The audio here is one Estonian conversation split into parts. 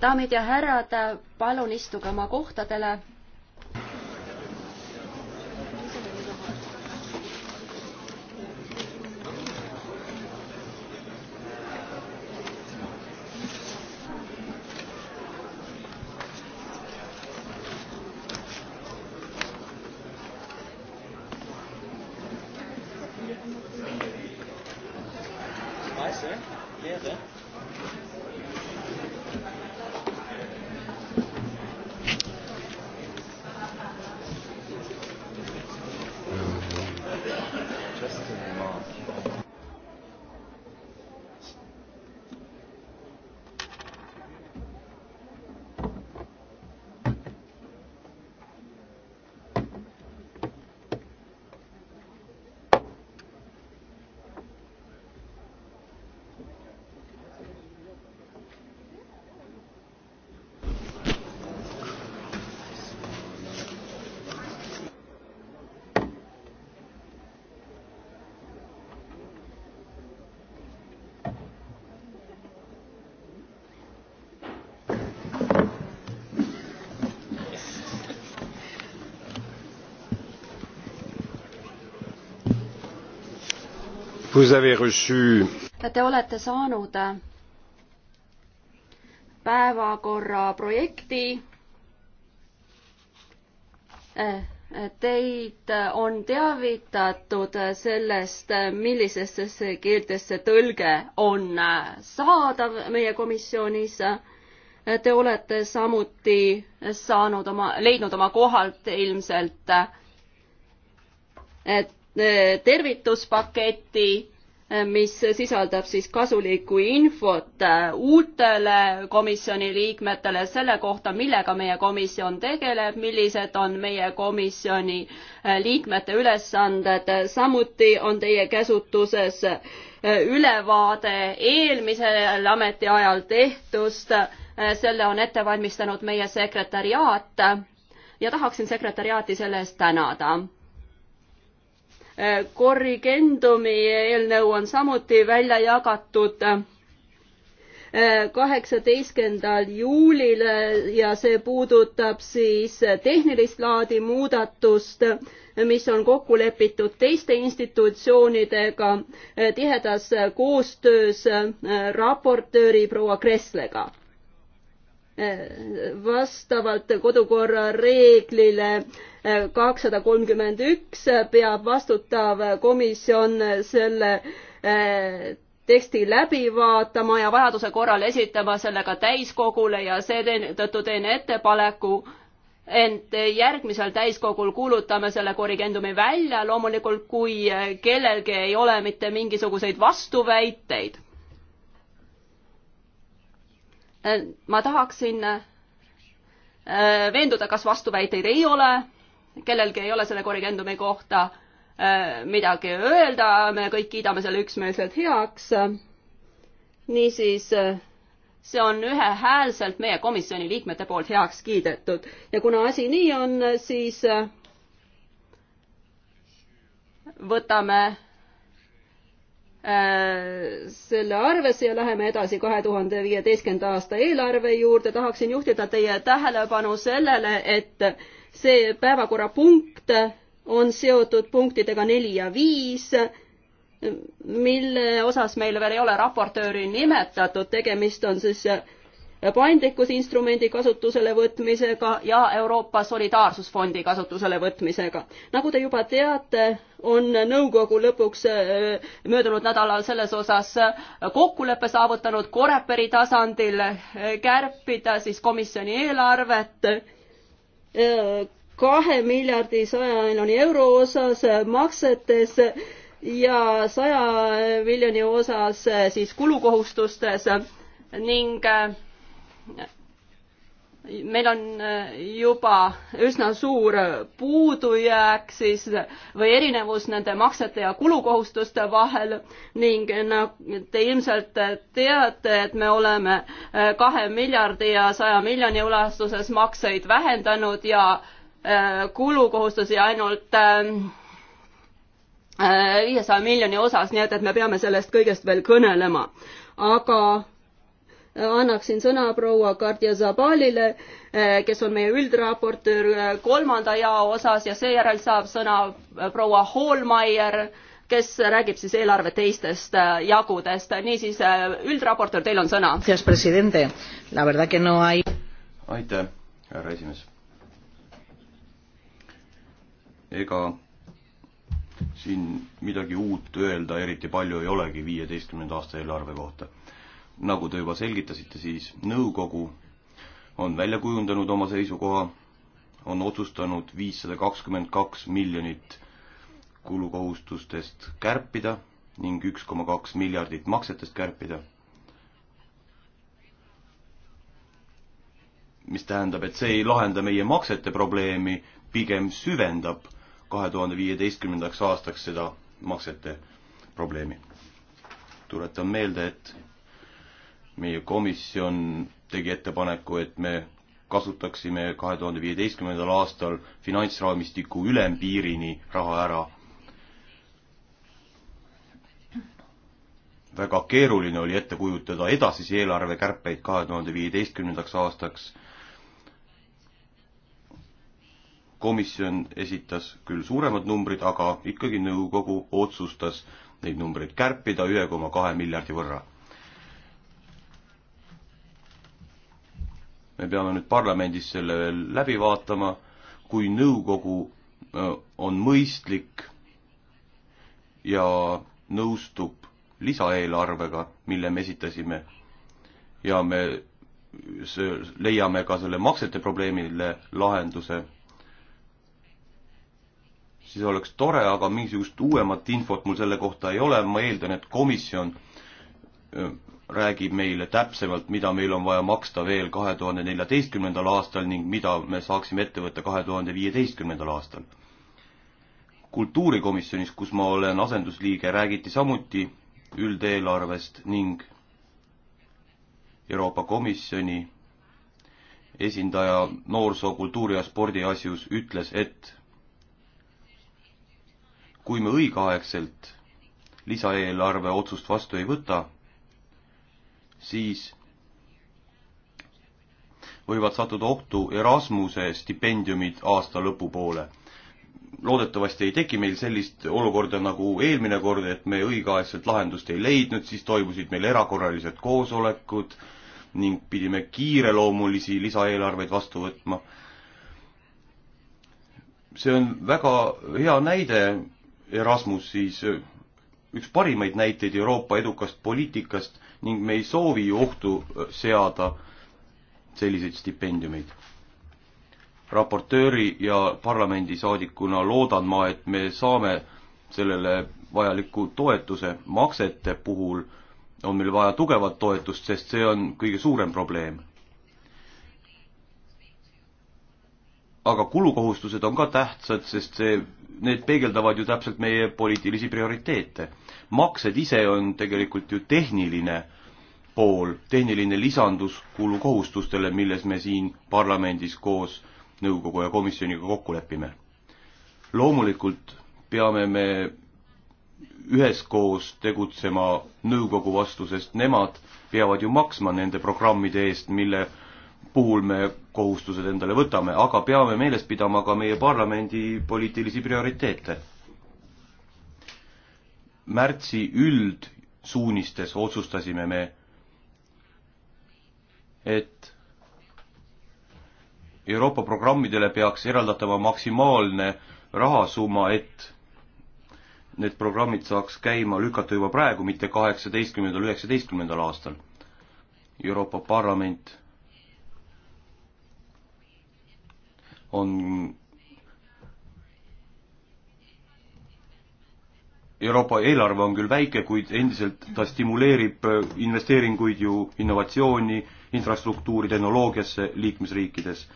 daamid ja härrad, palun istuge oma kohtadele reçu... Te olete saanud päevakorra projekti. Teid on teavitatud sellest, millistesse keeltesse tõlge on saadav meie komisjonis. Te olete samuti saanud oma, leidnud oma kohalt ilmselt eh, tervituspaketi mis sisaldab siis kasulikku infot äh, uutele komisjoni liikmetele selle kohta, millega meie komisjon tegeleb, millised on meie komisjoni äh, liikmete ülesanded, samuti on teie käsutuses äh, ülevaade eelmisel ametiajal tehtust, selle on ette valmistanud meie sekretäriaat ja tahaksin sekretäriaati selle eest tänada korrigendumi eelnõu on samuti välja jagatud äh, kaheksateistkümnendal juulil äh, ja see puudutab siis tehnilist laadi muudatust, mis on kokku lepitud teiste institutsioonidega äh, tihedas koostöös raportööri proua Kresslega vastavalt kodukorra reeglile eh, kakssada kolmkümmend üks peab vastutav komisjon selle eh, teksti läbi vaatama ja vajaduse korral esitama selle ka täiskogule ja seetõttu teen ettepaneku, ent järgmisel täiskogul kuulutame selle korrigendumi välja, loomulikult kui kellelgi ei ole mitte mingisuguseid vastuväiteid ma tahaksin äh, veenduda, kas vastuväiteid ei ole, kellelgi ei ole selle korrigendumi kohta äh, midagi öelda, me kõik kiidame selle üksmeelselt heaks. niisiis, äh, see on ühehäälselt meie komisjoni liikmete poolt heaks kiidetud ja kuna asi nii on, siis võtame Äh, selle arvesse ja läheme edasi kahe tuhande viieteistkümnenda aasta eelarve juurde, tahaksin juhtida teie tähelepanu sellele, et see päevakorrapunkt on seotud punktidega neli ja viis, mille osas meil veel ei ole raportööri nimetatud, tegemist on siis paindlikkusinstrumendi kasutusele võtmisega ja Euroopa Solidaarsusfondi kasutusele võtmisega. nagu te juba teate, on nõukogu lõpuks äh, möödunud nädalal selles osas äh, kokkuleppe saavutanud Coreperi tasandil äh, kärpida siis komisjoni eelarvet kahe miljardi saja miljoni euro osas maksetes ja saja miljoni osas siis kulukohustustes ning meil on äh, juba üsna suur puudujääk siis või erinevus nende maksete ja kulukohustuste vahel ning nagu te ilmselt teate, et me oleme äh, kahe miljardi ja saja miljoni ulatuses makseid vähendanud ja äh, kulukohustusi ainult viiesaja miljoni osas, nii et, et me peame sellest kõigest veel kõnelema. aga annaksin sõna proua Kardia Zabalile, eh, kes on meie üldraportöör eh, kolmanda jao osas ja seejärel saab sõna eh, proua Hallmeier, kes räägib siis eelarve teistest jagudest. niisiis, üldraportöör, teil on sõna. aitäh, härra esimees. ega siin midagi uut öelda eriti palju ei olegi viieteistkümnenda aasta eelarve kohta nagu te juba selgitasite, siis nõukogu on välja kujundanud oma seisukoha, on otsustanud viissada kakskümmend kaks miljonit kulukohustustest kärpida ning üks koma kaks miljardit maksetest kärpida. mis tähendab, et see ei lahenda meie maksete probleemi, pigem süvendab kahe tuhande viieteistkümnendaks aastaks seda maksete probleemi. tuletan meelde, et meie komisjon tegi ettepaneku, et me kasutaksime kahe tuhande viieteistkümnendal aastal finantsraamistiku ülempiirini raha ära. väga keeruline oli ette kujutada edasisi eelarvekärpeid kahe tuhande viieteistkümnendaks aastaks. komisjon esitas küll suuremad numbrid, aga ikkagi nõukogu otsustas neid numbreid kärpida ühe koma kahe miljardi võrra me peame nüüd parlamendis selle veel läbi vaatama, kui nõukogu on mõistlik ja nõustub lisaeelarvega, mille me esitasime ja me leiame ka selle maksete probleemile lahenduse, siis oleks tore, aga mingisugust uuemat infot mul selle kohta ei ole, ma eeldan, et komisjon räägib meile täpsemalt, mida meil on vaja maksta veel kahe tuhande neljateistkümnendal aastal ning mida me saaksime ette võtta kahe tuhande viieteistkümnendal aastal. kultuurikomisjonis, kus ma olen asendusliige, räägiti samuti üldeelarvest ning Euroopa Komisjoni esindaja noorsoo, kultuuri ja spordi asjus ütles, et kui me õigeaegselt lisaeelarve otsust vastu ei võta, siis võivad sattuda ohtu Erasmuse stipendiumid aasta lõpupoole. loodetavasti ei teki meil sellist olukorda nagu eelmine kord, et me õigeaegselt lahendust ei leidnud, siis toimusid meil erakorralised koosolekud ning pidime kiireloomulisi lisaeelarveid vastu võtma. see on väga hea näide, Erasmus siis üks parimaid näiteid Euroopa edukast poliitikast ning me ei soovi ohtu äh, seada selliseid stipendiumeid. raportööri ja parlamendisaadikuna loodan ma, et me saame sellele vajaliku toetuse maksete puhul on meil vaja tugevat toetust, sest see on kõige suurem probleem. aga kulukohustused on ka tähtsad, sest see, need peegeldavad ju täpselt meie poliitilisi prioriteete maksed ise on tegelikult ju tehniline pool, tehniline lisandus kulukohustustele, milles me siin parlamendis koos nõukogu ja komisjoniga kokku lepime. loomulikult peame me üheskoos tegutsema nõukogu vastu, sest nemad peavad ju maksma nende programmide eest, mille puhul me kohustused endale võtame, aga peame meeles pidama ka meie parlamendi poliitilisi prioriteete märtsi üldsuunistes otsustasime me, et Euroopa programmidele peaks eraldatama maksimaalne rahasumma, et need programmid saaks käima lükata juba praegu, mitte kaheksateistkümnendal, üheksateistkümnendal aastal. Euroopa Parlament on Euroopa eelarve on küll väike, kuid endiselt ta stimuleerib äh, investeeringuid ju innovatsiooni, infrastruktuuri, tehnoloogiasse liikmesriikides.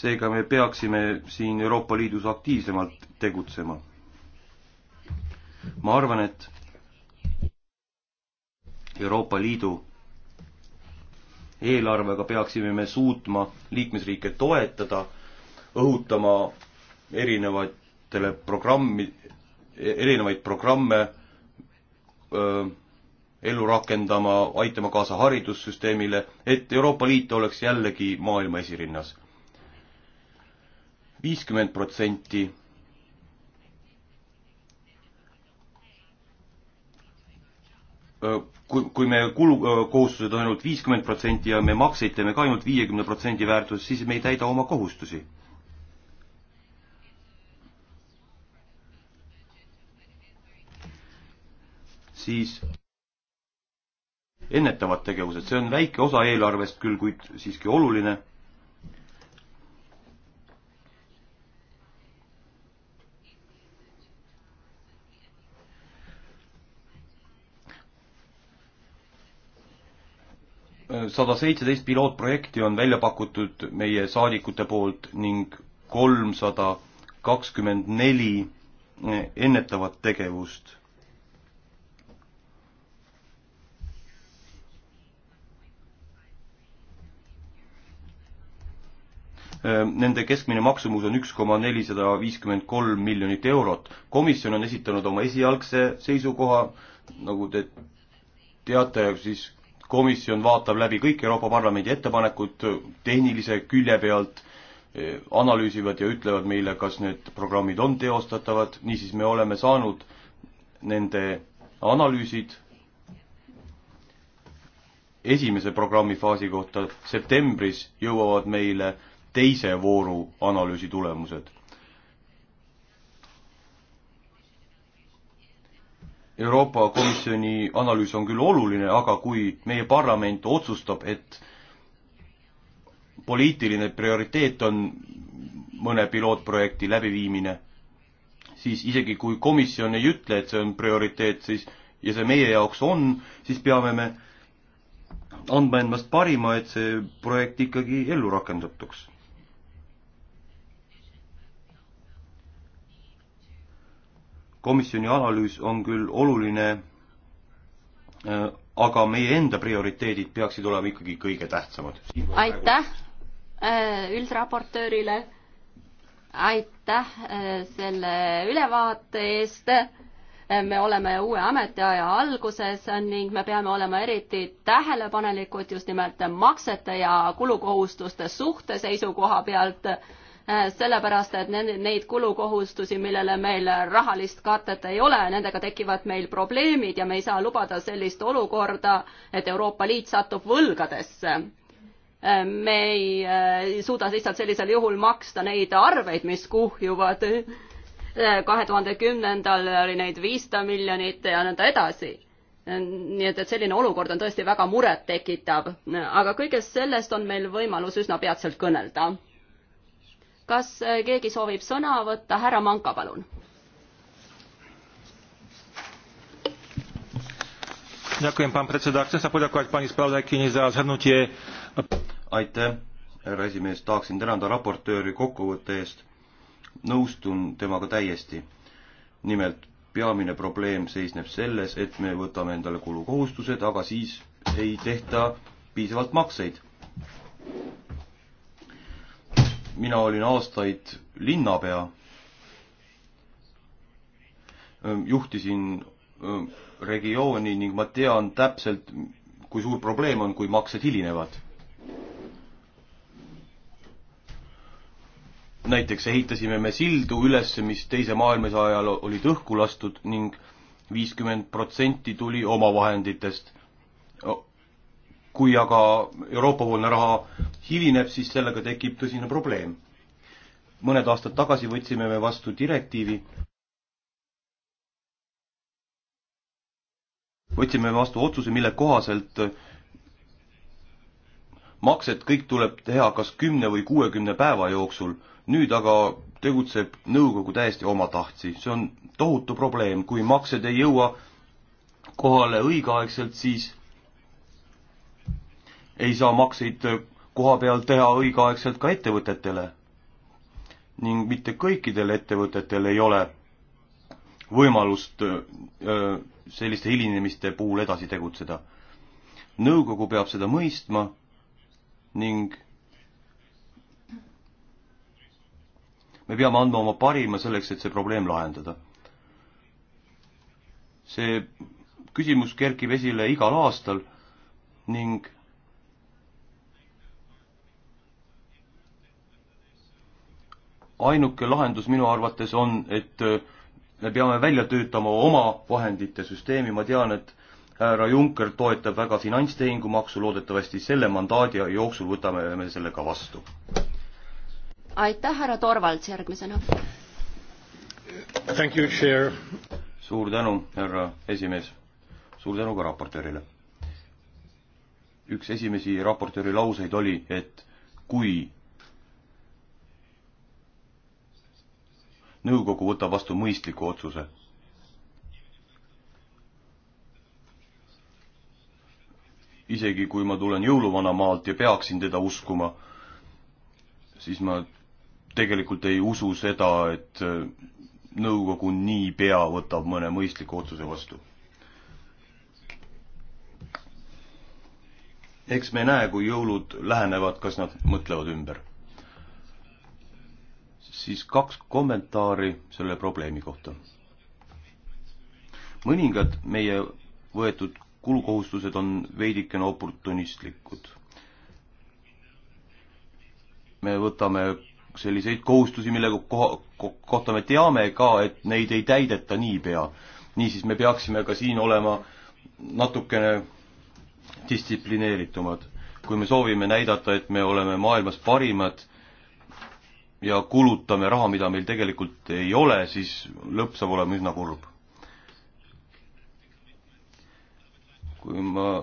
seega me peaksime siin Euroopa Liidus aktiivsemalt tegutsema. ma arvan, et Euroopa Liidu eelarvega peaksime me suutma liikmesriike toetada, õhutama erinevatele programmi, erinevaid programme ellu rakendama, aitama kaasa haridussüsteemile, et Euroopa Liit oleks jällegi maailma esirinnas. viiskümmend protsenti kui, kui me kulukohustused on ainult viiskümmend protsenti ja me makseid teeme ka ainult viiekümne protsendi väärtuses, siis me ei täida oma kohustusi siis ennetavad tegevused, see on väike osa eelarvest küll, kuid siiski oluline. sada seitseteist pilootprojekti on välja pakutud meie saadikute poolt ning kolmsada kakskümmend neli ennetavat tegevust Ehm, nende keskmine maksumus on üks koma nelisada viiskümmend kolm miljonit eurot. komisjon on esitanud oma esialgse seisukoha, nagu te teate, siis komisjon vaatab läbi kõik Euroopa Parlamendi ettepanekud tehnilise külje pealt, ehm, analüüsivad ja ütlevad meile, kas need programmid on teostatavad, niisiis me oleme saanud nende analüüsid esimese programmifaasi kohta septembris jõuavad meile teise vooru analüüsi tulemused. Euroopa Komisjoni analüüs on küll oluline, aga kui meie parlament otsustab, et poliitiline prioriteet on mõne pilootprojekti läbiviimine, siis isegi kui komisjon ei ütle, et see on prioriteet, siis ja see meie jaoks on, siis peame me andma endast parima, et see projekt ikkagi ellu rakendutuks. komisjoni analüüs on küll oluline, äh, aga meie enda prioriteedid peaksid olema ikkagi kõige tähtsamad. aitäh äh, üldraportöörile, aitäh äh, selle ülevaate eest me oleme uue ametiaja alguses ning me peame olema eriti tähelepanelikud just nimelt maksete ja kulukohustuste suhte seisukoha pealt Äh, sellepärast et neid kulukohustusi, millele meil rahalist katet ei ole, nendega tekivad meil probleemid ja me ei saa lubada sellist olukorda, et Euroopa Liit satub võlgadesse. Äh, me ei äh, suuda lihtsalt sellisel juhul maksta neid arveid, mis kuhjuvad. kahe tuhande kümnendal oli neid viissada miljonit ja nõnda edasi nii et, et selline olukord on tõesti väga murettekitav, aga kõigest sellest on meil võimalus üsna peatselt kõnelda kas äh, keegi soovib sõna võtta? härra Manka, palun. aitäh, härra esimees, tahaksin tänada raportööri kokkuvõtte eest. nõustun temaga täiesti. nimelt peamine probleem seisneb selles, et me võtame endale kulukohustused, aga siis ei tehta piisavalt makseid mina olin aastaid linnapea, ähm, juhtisin ähm, regiooni ning ma tean täpselt, kui suur probleem on, kui maksed hilinevad. näiteks ehitasime me sildu üles, mis teise maailmasõja ajal olid õhku lastud ning viiskümmend protsenti tuli omavahenditest kui aga Euroopa-poolne raha hilineb, siis sellega tekib tõsine probleem. mõned aastad tagasi võtsime me vastu direktiivi, võtsime vastu otsuse, mille kohaselt maksed kõik tuleb teha kas kümne või kuuekümne päeva jooksul, nüüd aga tegutseb nõukogu täiesti omatahtsi, see on tohutu probleem, kui maksed ei jõua kohale õigeaegselt, siis ei saa makseid koha peal teha õigeaegselt ka ettevõtetele. ning mitte kõikidel ettevõtetel ei ole võimalust selliste hilinemiste puhul edasi tegutseda. nõukogu peab seda mõistma ning me peame andma oma parima selleks, et see probleem lahendada. see küsimus kerkib esile igal aastal ning ainuke lahendus minu arvates on, et äh, me peame välja töötama oma vahendite süsteemi, ma tean, et härra Juncker toetab väga finantstehingumaksu, loodetavasti selle mandaadi jooksul võtame me selle ka vastu. aitäh, härra Torvalds, järgmisena. Thank you, chair. suur tänu, härra esimees. suur tänu ka raportöörile. üks esimesi raportööri lauseid oli, et kui nõukogu võtab vastu mõistliku otsuse. isegi kui ma tulen jõuluvanamaalt ja peaksin teda uskuma, siis ma tegelikult ei usu seda, et äh, nõukogu niipea võtab mõne mõistliku otsuse vastu. eks me näe, kui jõulud lähenevad, kas nad mõtlevad ümber siis kaks kommentaari selle probleemi kohta. mõningad meie võetud kulukohustused on veidikene oportunistlikud. me võtame selliseid kohustusi, mille koha, kohta me teame ka, et neid ei täideta niipea. niisiis me peaksime ka siin olema natukene distsiplineeritumad. kui me soovime näidata, et me oleme maailmas parimad, ja kulutame raha, mida meil tegelikult ei ole, siis lõpp saab olema üsna kurb. kui ma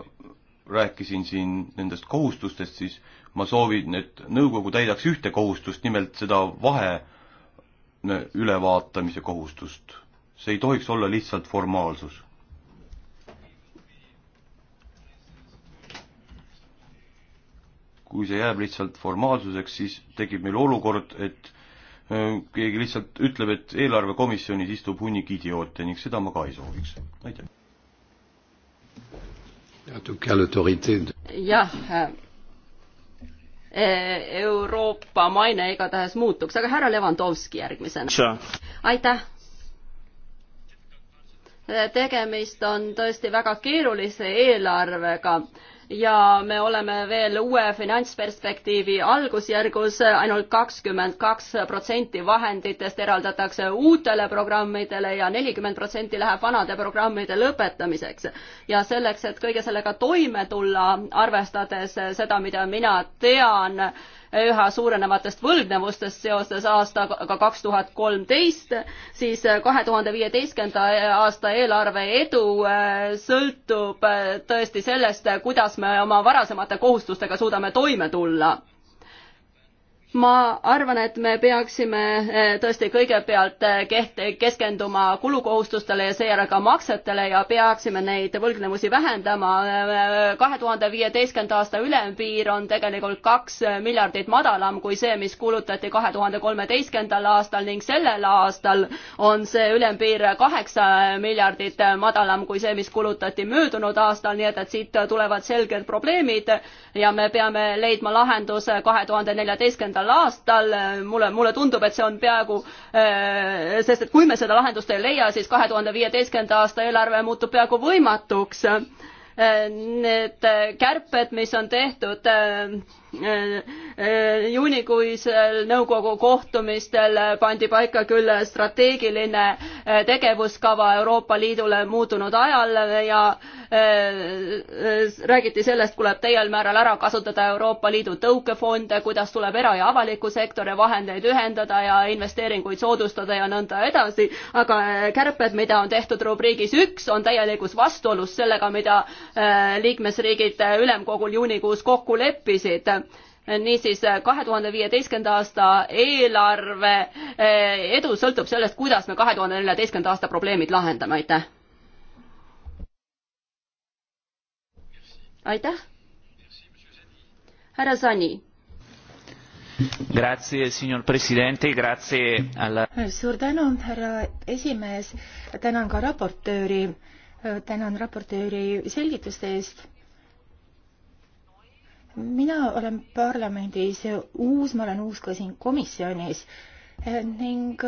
rääkisin siin nendest kohustustest, siis ma soovin, et nõukogu täidaks ühte kohustust, nimelt seda vahe ülevaatamise kohustust. see ei tohiks olla lihtsalt formaalsus. kui see jääb lihtsalt formaalsuseks, siis tekib meil olukord, et äh, keegi lihtsalt ütleb, et eelarvekomisjonis istub hunnik idioote ning seda ma ka ei sooviks. aitäh. jah, äh, äh, Euroopa maine igatahes muutuks, aga härra Levanovski järgmisena. aitäh tegemist on tõesti väga keerulise eelarvega ja me oleme veel uue finantsperspektiivi algusjärgus ainult, ainult kakskümmend kaks protsenti vahenditest eraldatakse uutele programmidele ja nelikümmend protsenti läheb vanade programmide lõpetamiseks. ja selleks, et kõige sellega toime tulla, arvestades seda, mida mina tean, üha suurenevatest võlgnevustest seoses aastaga kaks tuhat kolmteist, siis kahe tuhande viieteistkümnenda aasta eelarve edu äh, sõltub äh, tõesti sellest, kuidas me oma varasemate kohustustega suudame toime tulla ma arvan, et me peaksime eh, tõesti kõigepealt eh, keht-, keskenduma kulukohustustele ja seejärel ka maksetele ja peaksime neid võlgnevusi vähendama. Eh, kahe tuhande viieteistkümnenda aasta ülempiir on tegelikult kaks miljardit madalam kui see, mis kulutati kahe tuhande kolmeteistkümnendal aastal ning sellel aastal on see ülempiir kaheksa miljardit madalam kui see, mis kulutati möödunud aastal, nii et, et siit tulevad selged probleemid ja me peame leidma lahenduse kahe tuhande neljateistkümnendal seitsmendal aastal, mulle, mulle tundub, et see on peaaegu, eh, sest et kui me seda lahendust ei leia, siis kahe tuhande viieteistkümnenda aasta eelarve muutub peaaegu võimatuks. Eh, need kärped, mis on tehtud eh, juunikuisel nõukogu kohtumistel pandi paika küll strateegiline eh, tegevuskava Euroopa Liidule muutunud ajal ja eh, räägiti sellest, tuleb täiel määral ära kasutada Euroopa Liidu tõukefonde, kuidas tuleb era- ja avaliku sektori vahendeid ühendada ja investeeringuid soodustada ja nõnda edasi, aga eh, kärped, mida on tehtud rubriigis üks, on täielikus vastuolus sellega, mida liikmesriigid ülemkogul juunikuus kokku leppisid niisiis eh, kahe tuhande viieteistkümnenda aasta eelarve eh, edu sõltub sellest, kuidas me kahe tuhande neljateistkümnenda aasta probleemid lahendame, aitäh. aitäh. härra Sani. Grazie, signor presidente, grazie alla. suur tänu, härra esimees, tänan ka raportööri, tänan raportööri selgituste eest mina olen parlamendis uus, ma olen uus ka siin komisjonis ning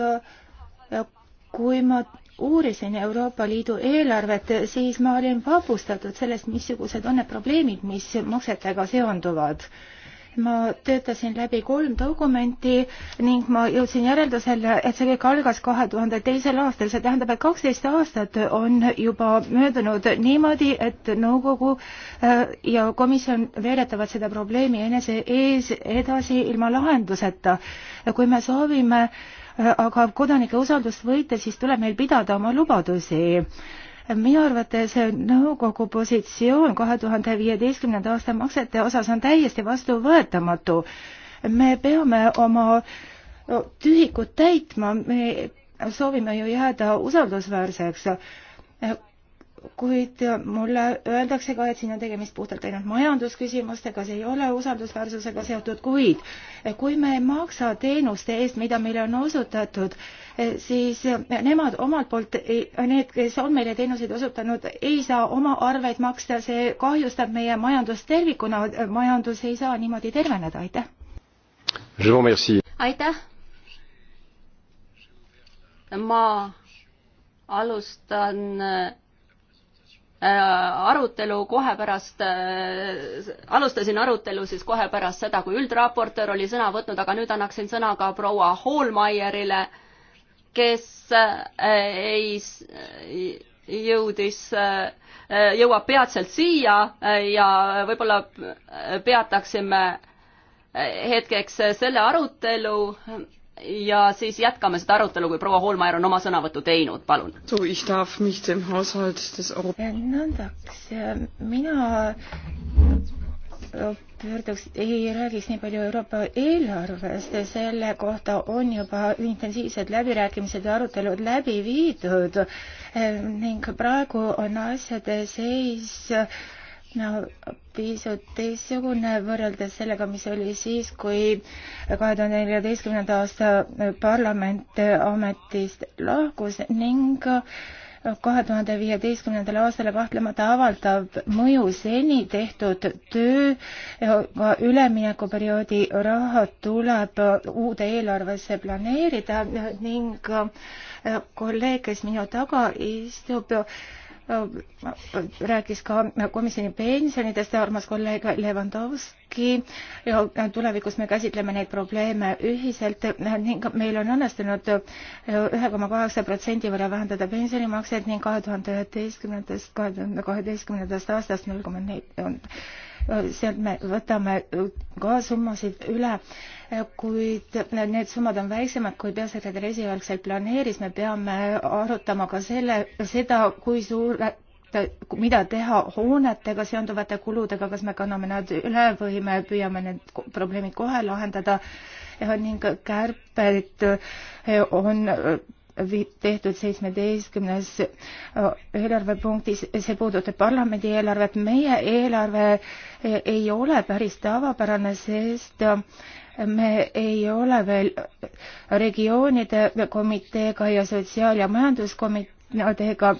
äh, kui ma uurisin Euroopa Liidu eelarvet, siis ma olin vapustatud sellest, missugused on need probleemid, mis maksetega seonduvad ma töötasin läbi kolm dokumenti ning ma jõudsin järeldusele, et see kõik algas kahe tuhande teisel aastal, see tähendab, et kaksteist aastat on juba möödunud niimoodi, et nõukogu äh, ja komisjon veeretavad seda probleemi enese ees edasi ilma lahenduseta. kui me soovime äh, aga kodanike usaldust võita, siis tuleb meil pidada oma lubadusi minu arvates nõukogu positsioon kahe tuhande viieteistkümnenda aasta maksete osas on täiesti vastuvõetamatu. me peame oma tühikut täitma, me soovime ju jääda usaldusväärseks kuid mulle öeldakse ka, et siin on tegemist puhtalt ainult majandusküsimustega, see ei ole usaldusväärsusega seotud, kuid kui me ei maksa teenuste eest, mida meile on osutatud, siis nemad omalt poolt, need, kes on meile teenuseid osutanud, ei saa oma arveid maksta, see kahjustab meie majandust tervikuna, majandus ei saa niimoodi terveneda, aitäh. aitäh. ma alustan Äh, arutelu kohe pärast, äh, alustasin arutelu siis kohe pärast seda, kui üldraportöör oli sõna võtnud, aga nüüd annaksin sõna ka proua Hallmeierile, kes äh, ei, jõudis, jõuab peatselt siia ja võib-olla peataksime hetkeks selle arutelu ja siis jätkame seda arutelu, kui proua Holmaier on oma sõnavõtu teinud, palun. nõndaks, mina äh, pöörduks, ei räägiks nii palju Euroopa eelarvest, selle kohta on juba intensiivsed läbirääkimised ja arutelud läbi viidud äh, ning praegu on asjade seis äh, no pisut teistsugune võrreldes sellega, mis oli siis, kui kahe tuhande neljateistkümnenda aasta parlament ametist lahkus ning kahe tuhande viieteistkümnendal aastal kahtlemata avaldab mõju seni tehtud töö, ka üleminekuperioodi rahad tuleb uude eelarvesse planeerida ning kolleeg, kes minu taga istub, rääkis ka komisjoni pensionidest ja armas kolleeg Levandovski. tulevikus me käsitleme neid probleeme ühiselt ning meil on õnnestunud ühe koma kaheksa protsendi võrra vähendada pensionimakseid ning kahe tuhande üheteistkümnendast, kahe tuhande kaheteistkümnendast aastast null koma neli sealt me võtame ka summasid üle, kuid need summad on väiksemad, kui peasekretär esialgselt planeeris, me peame arutama ka selle, seda, kui suur mida teha hoonetega seonduvate kuludega, kas me kanname nad üle või me püüame need probleemid kohe lahendada ning kärped on tehtud seitsmeteistkümnes äh, eelarvepunktis, see puudutab parlamendi eelarvet. meie eelarve äh, ei ole päris tavapärane, sest äh, me ei ole veel regioonide komiteega ja sotsiaal- ja majanduskomitee teiega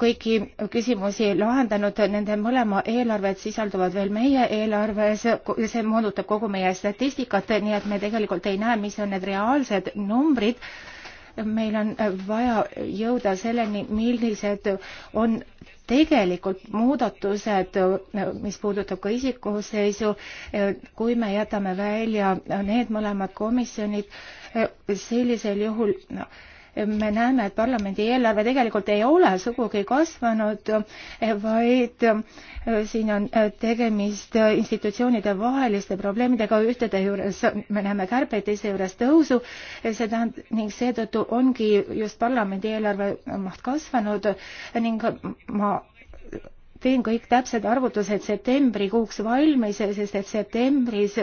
kõiki küsimusi lahendanud, nende mõlema eelarved sisalduvad veel meie eelarves, see moonutab kogu meie statistikat, nii et me tegelikult ei näe, mis on need reaalsed numbrid meil on vaja jõuda selleni, millised on tegelikult muudatused, mis puudutab ka isikuseisu, kui me jätame välja need mõlemad komisjonid, sellisel juhul no, me näeme, et parlamendi eelarve tegelikult ei ole sugugi kasvanud, vaid äh, siin on äh, tegemist äh, institutsioonide vaheliste probleemidega, ühtede juures me näeme kärbeid, teise juures tõusu, see tähendab ning seetõttu ongi just parlamendi eelarve maht kasvanud ning ma teen kõik täpsed arvutused septembrikuuks valmis, sest et septembris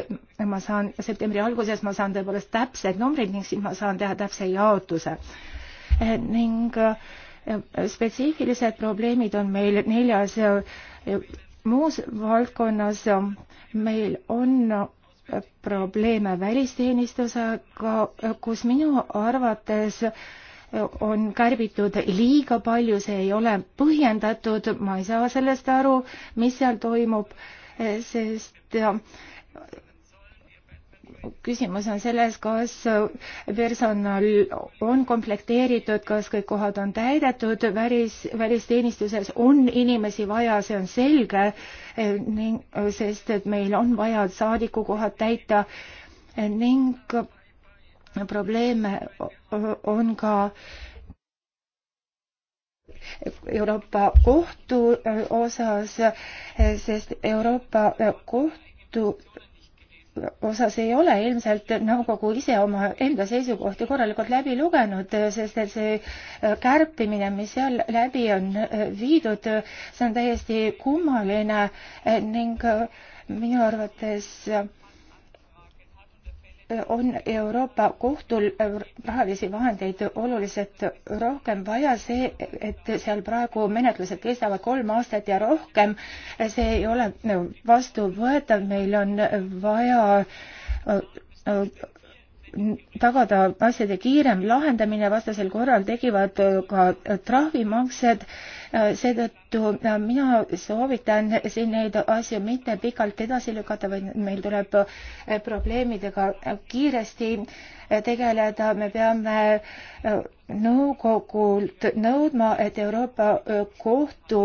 ma saan, septembri alguses ma saan tõepoolest täpsed numbrid ning siis ma saan teha täpse jaotuse. ning äh, spetsiifilised probleemid on meil neljas äh, muus valdkonnas. meil on äh, probleeme välisteenistusega, kus minu arvates äh, on kärbitud liiga palju, see ei ole põhjendatud, ma ei saa sellest aru, mis seal toimub, sest küsimus on selles, kas personal on komplekteeritud, kas kõik kohad on täidetud, välis, välisteenistuses on inimesi vaja, see on selge, ning sest et meil on vaja saadikukohad täita ning probleeme on ka Euroopa kohtu osas, sest Euroopa kohtu osas ei ole ilmselt nõukogu ise oma enda seisukohti korralikult läbi lugenud, sest et see kärpimine, mis seal läbi on viidud, see on täiesti kummaline ning minu arvates on Euroopa kohtul rahalisi vahendeid oluliselt rohkem vaja. See, et seal praegu menetlused kestavad kolm aastat ja rohkem, see ei ole vastuvõetav. Meil on vaja äh, äh, tagada asjade kiirem lahendamine, vastasel korral tegivad ka trahvimaksed seetõttu äh, mina soovitan siin neid asju mitte pikalt edasi lükata, vaid meil tuleb äh, probleemidega äh, kiiresti tegeleda, me peame nõukogult nõudma, et Euroopa kohtu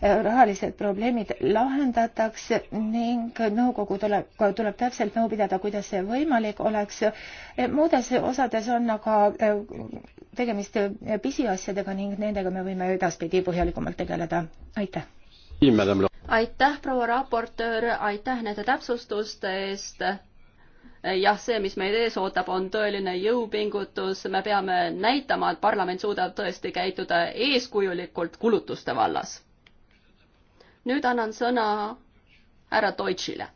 rahalised probleemid lahendatakse ning nõukogu tuleb, tuleb täpselt nõu pidada, kuidas see võimalik oleks. muudes osades on aga äh, tegemist pisiasjadega ning nendega me võime edaspidi põhjalikumalt tegeleda. aitäh! aitäh, proua raportöör, aitäh nende täpsustuste eest jah, see, mis meid ees ootab, on tõeline jõupingutus, me peame näitama, et parlament suudab tõesti käituda eeskujulikult kulutuste vallas. nüüd annan sõna härra Deutschile.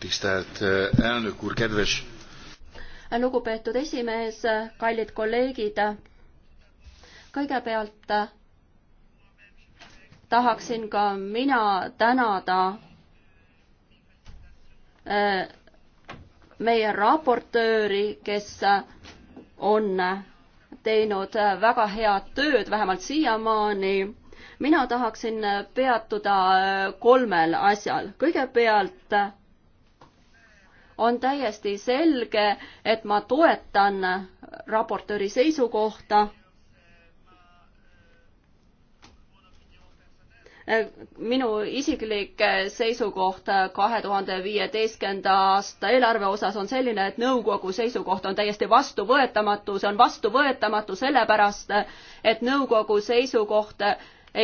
tisztelt eh, elnök úr, kedves! lugupeetud esimees, kallid kolleegid! kõigepealt tahaksin ka mina tänada äh, meie raportööri, kes on teinud väga head tööd, vähemalt siiamaani. mina tahaksin peatuda äh, kolmel asjal. kõigepealt on täiesti selge, et ma toetan raportööri seisukohta Äh, minu isiklik äh, seisukoht äh, kahe tuhande viieteistkümnenda aasta eelarve osas on selline, et nõukogu seisukoht on täiesti vastuvõetamatu, see on vastuvõetamatu sellepärast, et nõukogu seisukoht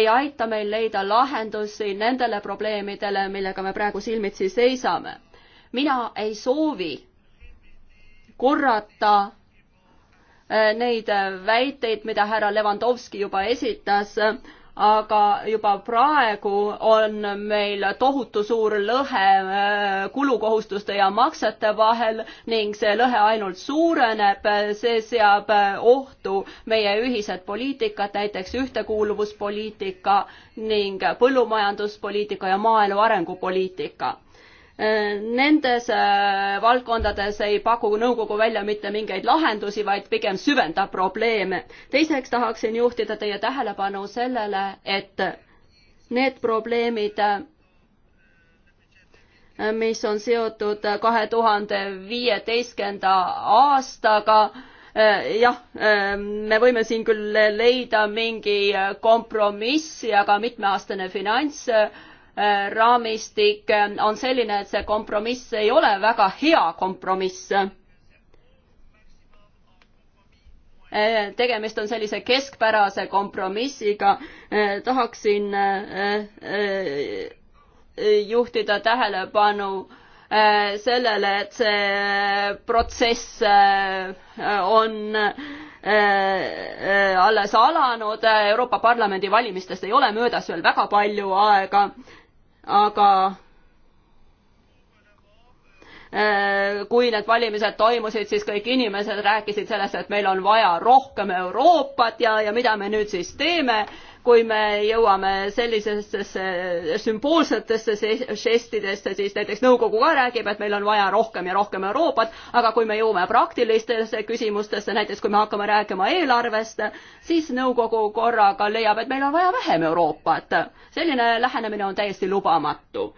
ei aita meil leida lahendusi nendele probleemidele, millega me praegu silmitsi seisame. mina ei soovi korrata neid väiteid, mida härra Levandovski juba esitas aga juba praegu on meil tohutu suur lõhe äh, kulukohustuste ja maksete vahel ning see lõhe ainult suureneb, see seab äh, ohtu meie ühised poliitikad, näiteks ühtekuuluvuspoliitika ning põllumajanduspoliitika ja maaelu arengupoliitika Nendes äh, valdkondades ei paku nõukogu välja mitte mingeid lahendusi, vaid pigem süvendab probleeme. teiseks tahaksin juhtida teie tähelepanu sellele, et need probleemid, mis on seotud kahe tuhande viieteistkümnenda aastaga. Äh, jah, äh, me võime siin küll leida mingi kompromissi, aga mitmeaastane finants raamistik on selline, et see kompromiss ei ole väga hea kompromiss. tegemist on sellise keskpärase kompromissiga. tahaksin eh, eh, juhtida tähelepanu eh, sellele, et see protsess on alles alanud, Euroopa Parlamendi valimistest ei ole möödas veel väga palju aega aga Äh, kui need valimised toimusid, siis kõik inimesed rääkisid sellest, et meil on vaja rohkem Euroopat ja, ja mida me nüüd siis teeme, kui me jõuame sellisesse sümboolsetesse žestidesse, siis näiteks nõukogu ka räägib, et meil on vaja rohkem ja rohkem Euroopat, aga kui me jõuame praktilistesse küsimustesse, näiteks kui me hakkame rääkima eelarvest, siis nõukogu korraga leiab, et meil on vaja vähem Euroopat. selline lähenemine on täiesti lubamatu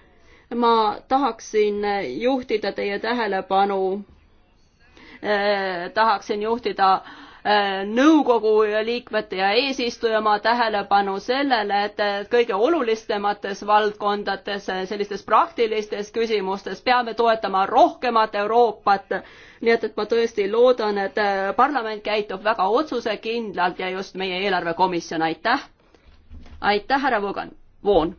ma tahaksin juhtida teie tähelepanu eh,, tahaksin juhtida eh, nõukogu liikmete ja eesistujamaa tähelepanu sellele, et kõige olulisemates valdkondades, sellistes praktilistes küsimustes peame toetama rohkemat Euroopat. nii et, et ma tõesti loodan, et äh, parlament käitub väga otsusekindlalt ja just meie eelarvekomisjon, aitäh. aitäh, härra Vogan, Voon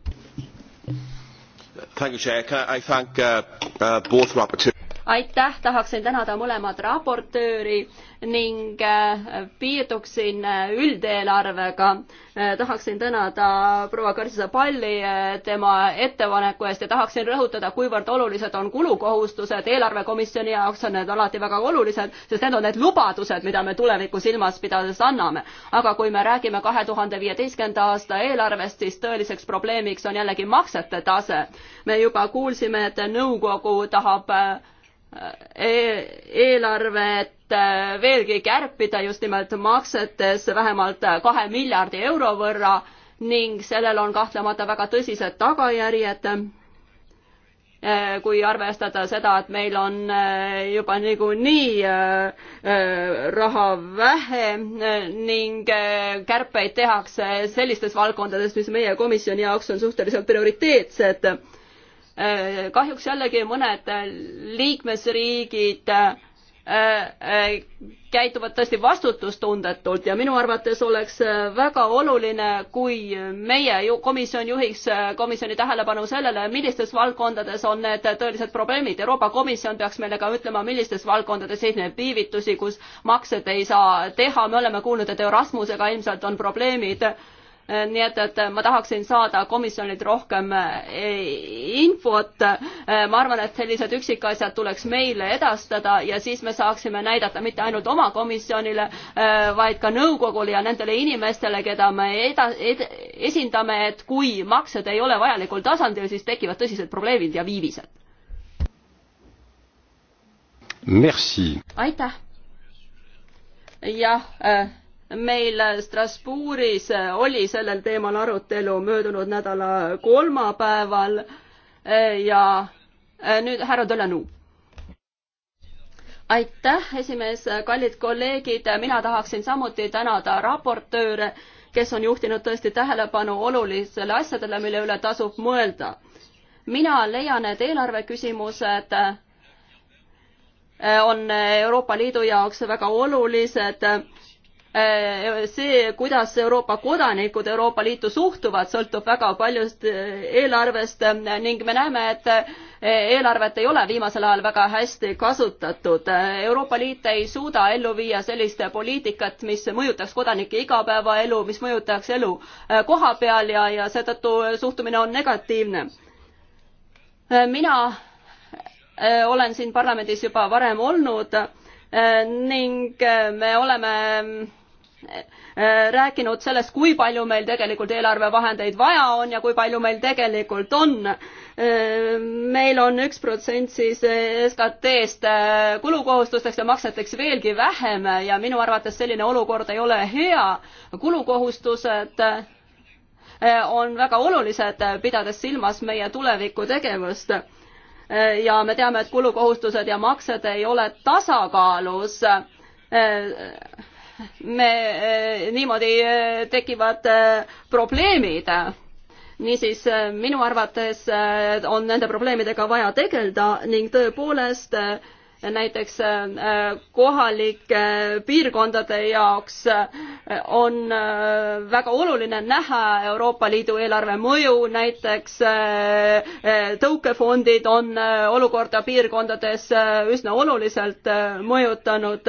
Thank you, Chair. Can I thank uh, uh, both rapporteurs? aitäh, tahaksin tänada mõlemat raportööri ning äh, piirduksin äh, üldeelarvega. Äh, tahaksin tänada proua Karsisa Palli tema ettepaneku eest ja tahaksin rõhutada, kuivõrd olulised on kulukohustused. eelarvekomisjoni jaoks on need alati väga olulised, sest need on need lubadused, mida me tulevikku silmas pidades anname. aga kui me räägime kahe tuhande viieteistkümnenda aasta eelarvest, siis tõeliseks probleemiks on jällegi maksete tase. me juba kuulsime, et nõukogu tahab E-, eelarvet äh, veelgi kärpida just nimelt maksetes vähemalt kahe miljardi euro võrra ning sellel on kahtlemata väga tõsised tagajärjed. Äh, kui arvestada seda, et meil on äh, juba niikuinii raha vähe ning kärpeid tehakse sellistes valdkondades, mis meie komisjoni jaoks on suhteliselt prioriteetsed kahjuks jällegi mõned liikmesriigid äh, äh, käituvad tõesti vastutustundetult ja minu arvates oleks äh, väga oluline, kui meie komisjon juhiks komisjoni tähelepanu sellele, millistes valdkondades on need tõelised probleemid. Euroopa Komisjon peaks meile ka ütlema, millistes valdkondades esineb viivitusi, kus maksed ei saa teha. me oleme kuulnud, et Erasmusega ilmselt on probleemid nii et, et ma tahaksin saada komisjonilt rohkem e, infot. E, ma arvan, et sellised üksikasjad tuleks meile edastada ja siis me saaksime näidata mitte ainult oma komisjonile, e, vaid ka nõukogule ja nendele inimestele, keda me eda-, ed-, esindame, et kui maksed ei ole vajalikul tasandil, siis tekivad tõsised probleemid ja viivised. aitäh. jah äh, meil Strasbourgis oli sellel teemal arutelu möödunud nädala kolmapäeval ja nüüd härra Tõlenõu aitäh, esimees, kallid kolleegid, mina tahaksin samuti tänada raportööre, kes on juhtinud tõesti tähelepanu olulistele asjadele, mille üle tasub mõelda. mina leian, et eelarve küsimused on Euroopa Liidu jaoks väga olulised Äh, see, kuidas Euroopa kodanikud Euroopa Liitu suhtuvad, sõltub väga paljust äh, eelarvest äh, ning me näeme, et eelarvet ei ole viimasel ajal väga hästi kasutatud. Euroopa Liit ei suuda ellu viia sellist poliitikat, mis mõjutaks kodanike igapäevaelu, mis mõjutaks elu koha peal ja, ja seetõttu suhtumine on negatiivne. mina olen siin parlamendis juba varem olnud ning me oleme Äh, rääkinud sellest, kui palju meil tegelikult eelarvevahendeid vaja on ja kui palju meil tegelikult on. Äh, meil on üks protsent siis SKT-st äh, kulukohustusteks ja makseteks veelgi vähem ja minu arvates selline olukord ei ole hea. kulukohustused on väga olulised, pidades silmas meie tulevikutegevust ja me teame, et kulukohustused ja maksed ei ole tasakaalus me, eh, niimoodi eh, tekivad eh, probleemid. niisiis, minu arvates on nende probleemidega vaja tegeleda ning tõepoolest näiteks kohalike piirkondade jaoks on väga oluline näha Euroopa Liidu eelarve mõju, näiteks tõukefondid on olukorda piirkondades üsna oluliselt mõjutanud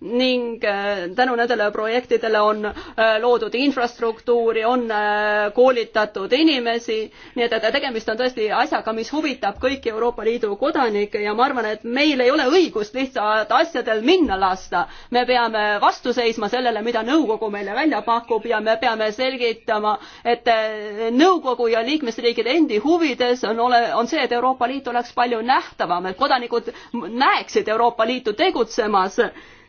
ning äh, tänu nendele projektidele on äh, loodud infrastruktuuri, on äh, koolitatud inimesi, nii et, et tegemist on tõesti asjaga, mis huvitab kõiki Euroopa Liidu kodanikke ja ma arvan, et meil ei ole õigust lihtsalt asjadel minna lasta. me peame vastu seisma sellele, mida nõukogu meile välja pakub ja me peame selgitama, et nõukogu ja liikmesriikide endi huvides on ole, on see, et Euroopa Liit oleks palju nähtavam, et kodanikud näeksid Euroopa Liitu tegutsemas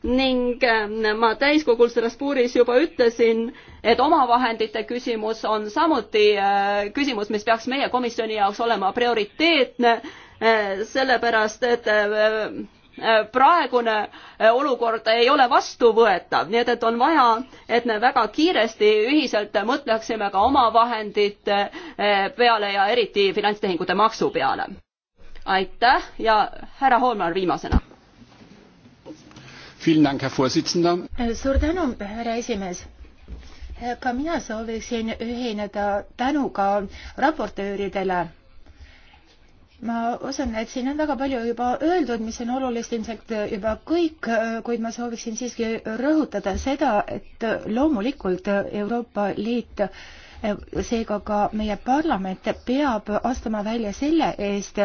ning äh, ma täiskogul Strasbourgis juba ütlesin, et omavahendite küsimus on samuti äh, küsimus, mis peaks meie komisjoni jaoks olema prioriteetne, äh, sellepärast et praegune olukord ei ole vastuvõetav, nii et, et on vaja, et me väga kiiresti ühiselt mõtleksime ka omavahendite peale ja eriti finantstehingute maksu peale. aitäh ja härra Holmar viimasena Äh, suur tänu, härra esimees äh, ka mina sooviksin ühineda tänuga raportööridele. ma usun, et siin on väga palju juba öeldud, mis on olulist ilmselt juba kõik, äh, kuid ma sooviksin siiski rõhutada seda, et loomulikult Euroopa Liit seega ka meie parlament peab astuma välja selle eest,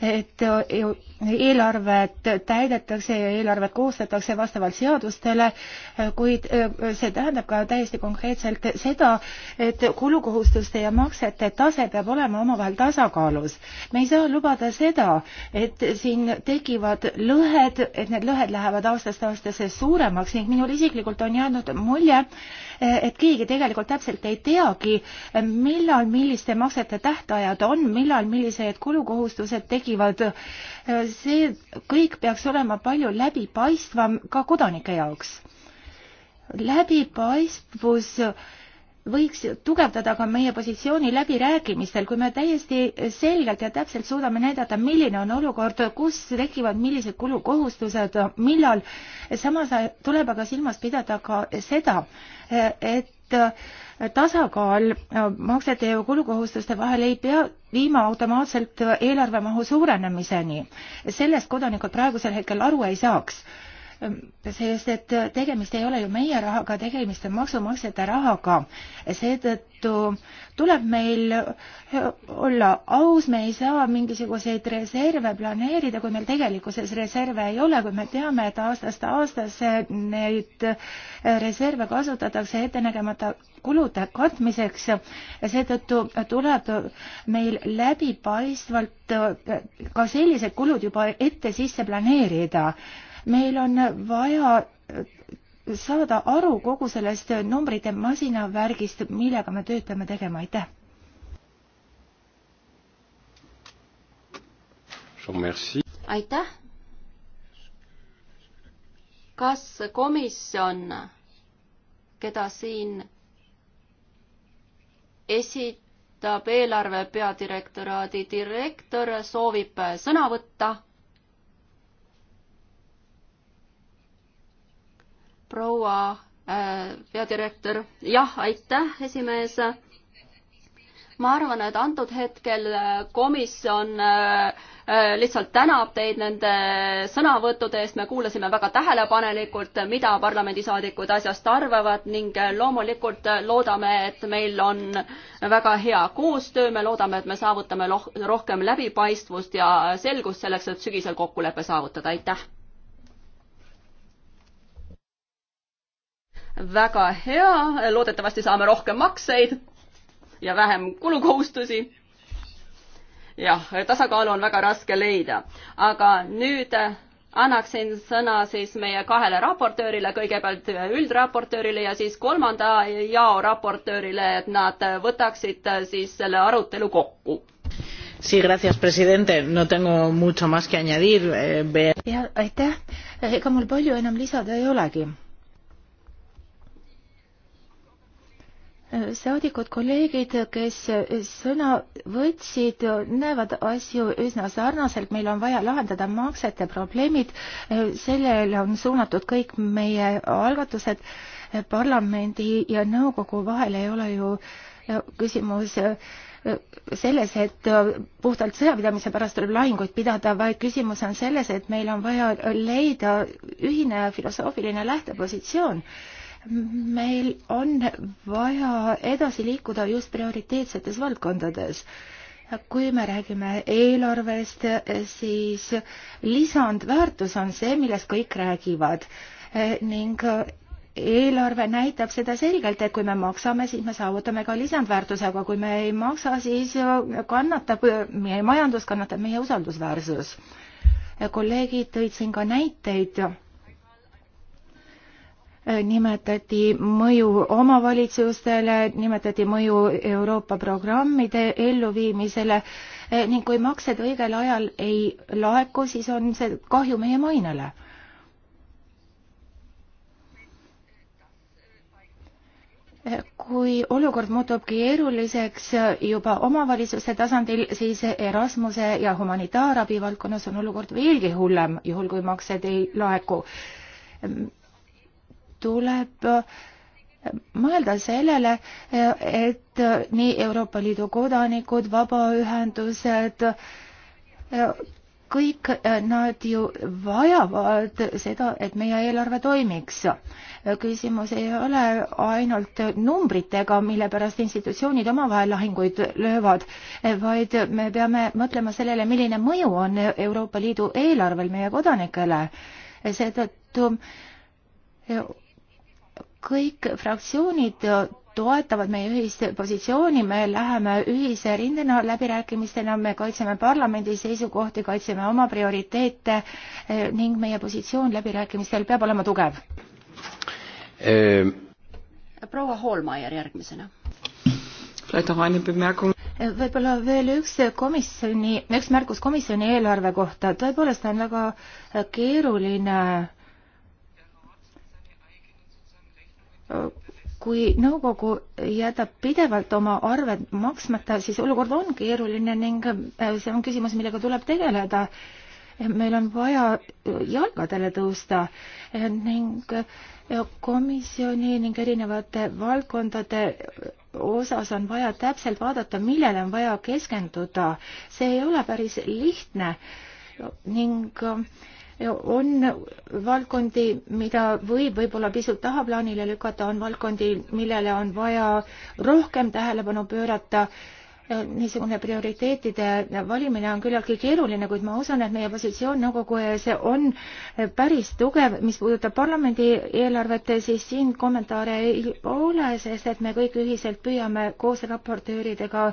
et eelarvet täidetakse ja eelarvet koostatakse vastavalt seadustele, kuid see tähendab ka täiesti konkreetselt seda, et kulukohustuste ja maksete tase peab olema omavahel tasakaalus. me ei saa lubada seda, et siin tekivad lõhed, et need lõhed lähevad aastast aastasse suuremaks ning minul isiklikult on jäänud mulje, et keegi tegelikult täpselt ei teagi, millal milliste maksete tähtajad on, millal millised kulukohustused tekivad. see kõik peaks olema palju läbipaistvam ka kodanike jaoks. läbipaistvus äh, võiks tugevdada ka meie positsiooni läbirääkimistel, kui me täiesti selgelt ja täpselt suudame näidata, milline on olukord, kus tekivad millised kulukohustused, millal. samas tuleb aga silmas pidada ka seda, et tasakaal maksete ja kulukohustuste vahel ei pea viima automaatselt eelarvemahu suurenemiseni. sellest kodanikud praegusel hetkel aru ei saaks Ehm, sellest, et tegemist ei ole ju meie rahaga, tegemist on maksumaksjate rahaga. seetõttu tuleb meil eh, olla aus, me ei saa mingisuguseid reserve planeerida, kui meil tegelikkuses reserve ei ole, kui me teame, et aastast aastasse neid eh, reserve kasutatakse ettenägemata kulude katmiseks. seetõttu tuleb meil läbipaistvalt eh, ka sellised kulud juba ette sisse planeerida meil on vaja saada aru kogu sellest numbrite masinavärgist, millega me tööd peame tegema, aitäh! aitäh! kas komisjon, keda siin esitab eelarve peadirektoraadi direktor, soovib sõna võtta? proua äh, peadirektor, jah, aitäh, esimees. ma arvan, et antud hetkel äh, komisjon äh, lihtsalt tänab teid nende sõnavõttude eest, me kuulasime väga tähelepanelikult, mida parlamendisaadikud asjast arvavad ning loomulikult loodame, et meil on väga hea koostöö, me loodame, et me saavutame rohkem läbipaistvust ja selgust selleks, et sügisel kokkulepe saavutada, aitäh! väga hea, loodetavasti saame rohkem makseid ja vähem kulukohustusi jah, tasakaalu on väga raske leida, aga nüüd annaksin sõna siis meie kahele raportöörile, kõigepealt üldraportöörile ja siis kolmanda jao raportöörile, et nad võtaksid siis selle arutelu kokku. Sí, gracias, presidente. No tengo mucho más que añadir. Eh, ja, aitäh. ega mul palju enam lisada ei olegi saadikud, kolleegid, kes sõna võtsid, näevad asju üsna sarnaselt, meil on vaja lahendada maksete probleemid, sellele on suunatud kõik meie algatused, parlamendi ja nõukogu vahel ei ole ju küsimus selles, et puhtalt sõjapidamise pärast tuleb lahinguid pidada, vaid küsimus on selles, et meil on vaja leida ühine filosoofiline lähtepositsioon meil on vaja edasi liikuda just prioriteetsetes valdkondades. kui me räägime eelarvest, siis lisandväärtus on see, millest kõik räägivad ning eelarve näitab seda selgelt, et kui me maksame, siis me saavutame ka lisandväärtuse, aga kui me ei maksa, siis kannatab meie majandus, kannatab meie usaldusväärsus. kolleegid tõid siin ka näiteid nimetati mõju omavalitsustele, nimetati mõju Euroopa programmide elluviimisele eh, ning kui maksed õigel ajal ei laeku, siis on see kahju meie mainele. Eh, kui olukord muutub keeruliseks juba omavalitsuste tasandil, siis Erasmuse ja humanitaarabi valdkonnas on olukord veelgi hullem, juhul kui maksed ei laeku tuleb äh, mõelda sellele, äh, et äh, nii Euroopa Liidu kodanikud, vabaühendused, kõik nad ju vajavad seda, et meie eelarve toimiks. küsimus ei ole ainult numbritega, mille pärast institutsioonid omavahel lahinguid löövad, vaid me peame mõtlema sellele, milline mõju on Euroopa Liidu eelarvel meie kodanikele. seetõttu kõik fraktsioonid toetavad meie ühist positsiooni, me läheme ühise rindena läbirääkimistena, me kaitseme parlamendi seisukohti, kaitseme oma prioriteete eh, ning meie positsioon läbirääkimistel peab olema tugev ehm.. proua Hoolmaier järgmisena. Eh, võib-olla veel üks komisjoni, üks märkus komisjoni eelarve kohta, tõepoolest on väga keeruline kui nõukogu jätab pidevalt oma arved maksmata, siis olukord on keeruline ning äh, see on küsimus, millega tuleb tegeleda. meil on vaja äh, jalgadele tõusta äh, ning komisjoni ning erinevate valdkondade osas on vaja täpselt vaadata, millele on vaja keskenduda. see ei ole päris lihtne ning äh, on valdkondi, mida võib võib-olla pisut tahaplaanile lükata, on valdkondi, millele on vaja rohkem tähelepanu pöörata. niisugune prioriteetide valimine on küllaltki keeruline, kuid ma usun, et meie positsioon nõukogu ees on päris tugev. mis puudutab parlamendi eelarvet, siis siin kommentaare ei ole, sest et me kõik ühiselt püüame koos raportööridega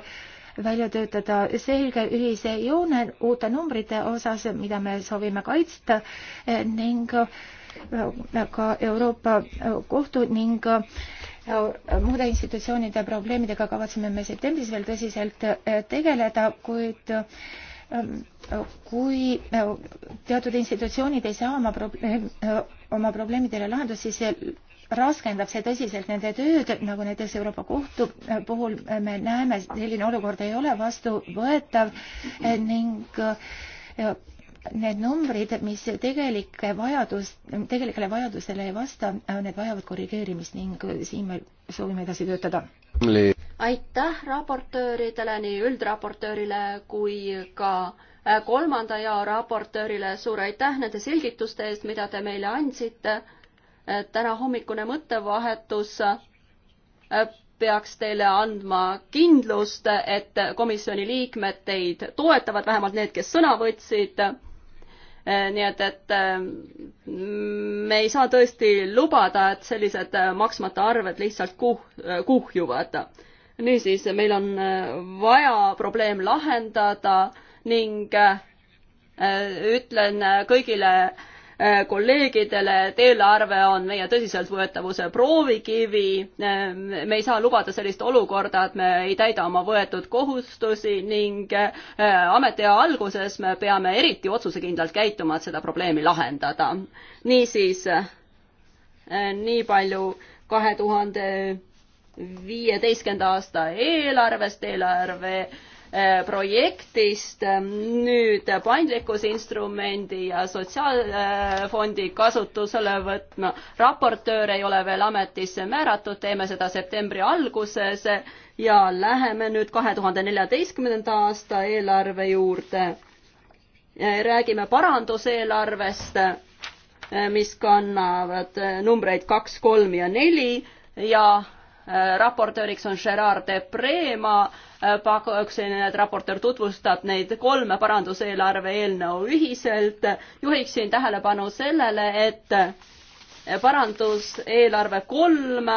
välja töötada selge ühise joone uute numbrite osas, mida me soovime kaitsta eh, ning eh, ka Euroopa eh, Kohtu ning muude institutsioonide probleemidega kavatseme me septembris veel tõsiselt tegeleda, kuid kui teatud institutsioonid ei saa oma probleem, oma probleemidele lahendust, siis raskendab see tõsiselt nende tööd, nagu näiteks Euroopa Kohtu äh, puhul äh, me näeme, selline olukord ei ole vastuvõetav äh, ning need numbrid, mis tegelike vajadus, tegelikele vajadusele ei vasta, need vajavad korrigeerimist ning siin me soovime edasi töötada. aitäh raportööridele, nii üldraportöörile kui ka kolmanda jao raportöörile, suur aitäh nende selgituste eest, mida te meile andsite täna hommikune mõttevahetus äh, peaks teile andma kindlust, et komisjoni liikmed teid toetavad, vähemalt need, kes sõna võtsid. Äh, nii et, et äh, me ei saa tõesti lubada, et sellised maksmata arved lihtsalt kuh-, kuhjuvad. niisiis, meil on vaja probleem lahendada ning ütlen kõigile äh, Äh, kolleegidele, et eelarve on meie tõsiseltvõetavuse proovikivi. Äh, me ei saa lubada sellist olukorda, et me ei täida oma võetud kohustusi ning äh, ametiaja alguses me peame eriti otsusekindlalt käituma, et seda probleemi lahendada. niisiis, nii palju kahe tuhande viieteistkümnenda aasta eelarvest, eelarve Äh, projektist. nüüd paindlikkusinstrumendi ja sotsiaalfondi kasutusele võtma. raportöör ei ole veel ametisse määratud, teeme seda septembri alguses ja läheme nüüd kahe tuhande neljateistkümnenda aasta eelarve juurde. Äh, räägime paranduseelarvest, äh, mis kannavad numbreid kaks, kolm ja neli ja Äh, raportööriks on Gerard Depree, ma äh, pakuksin, et raportöör tutvustab neid kolme paranduseelarve eelnõu ühiselt. juhiksin tähelepanu sellele, et paranduseelarve kolm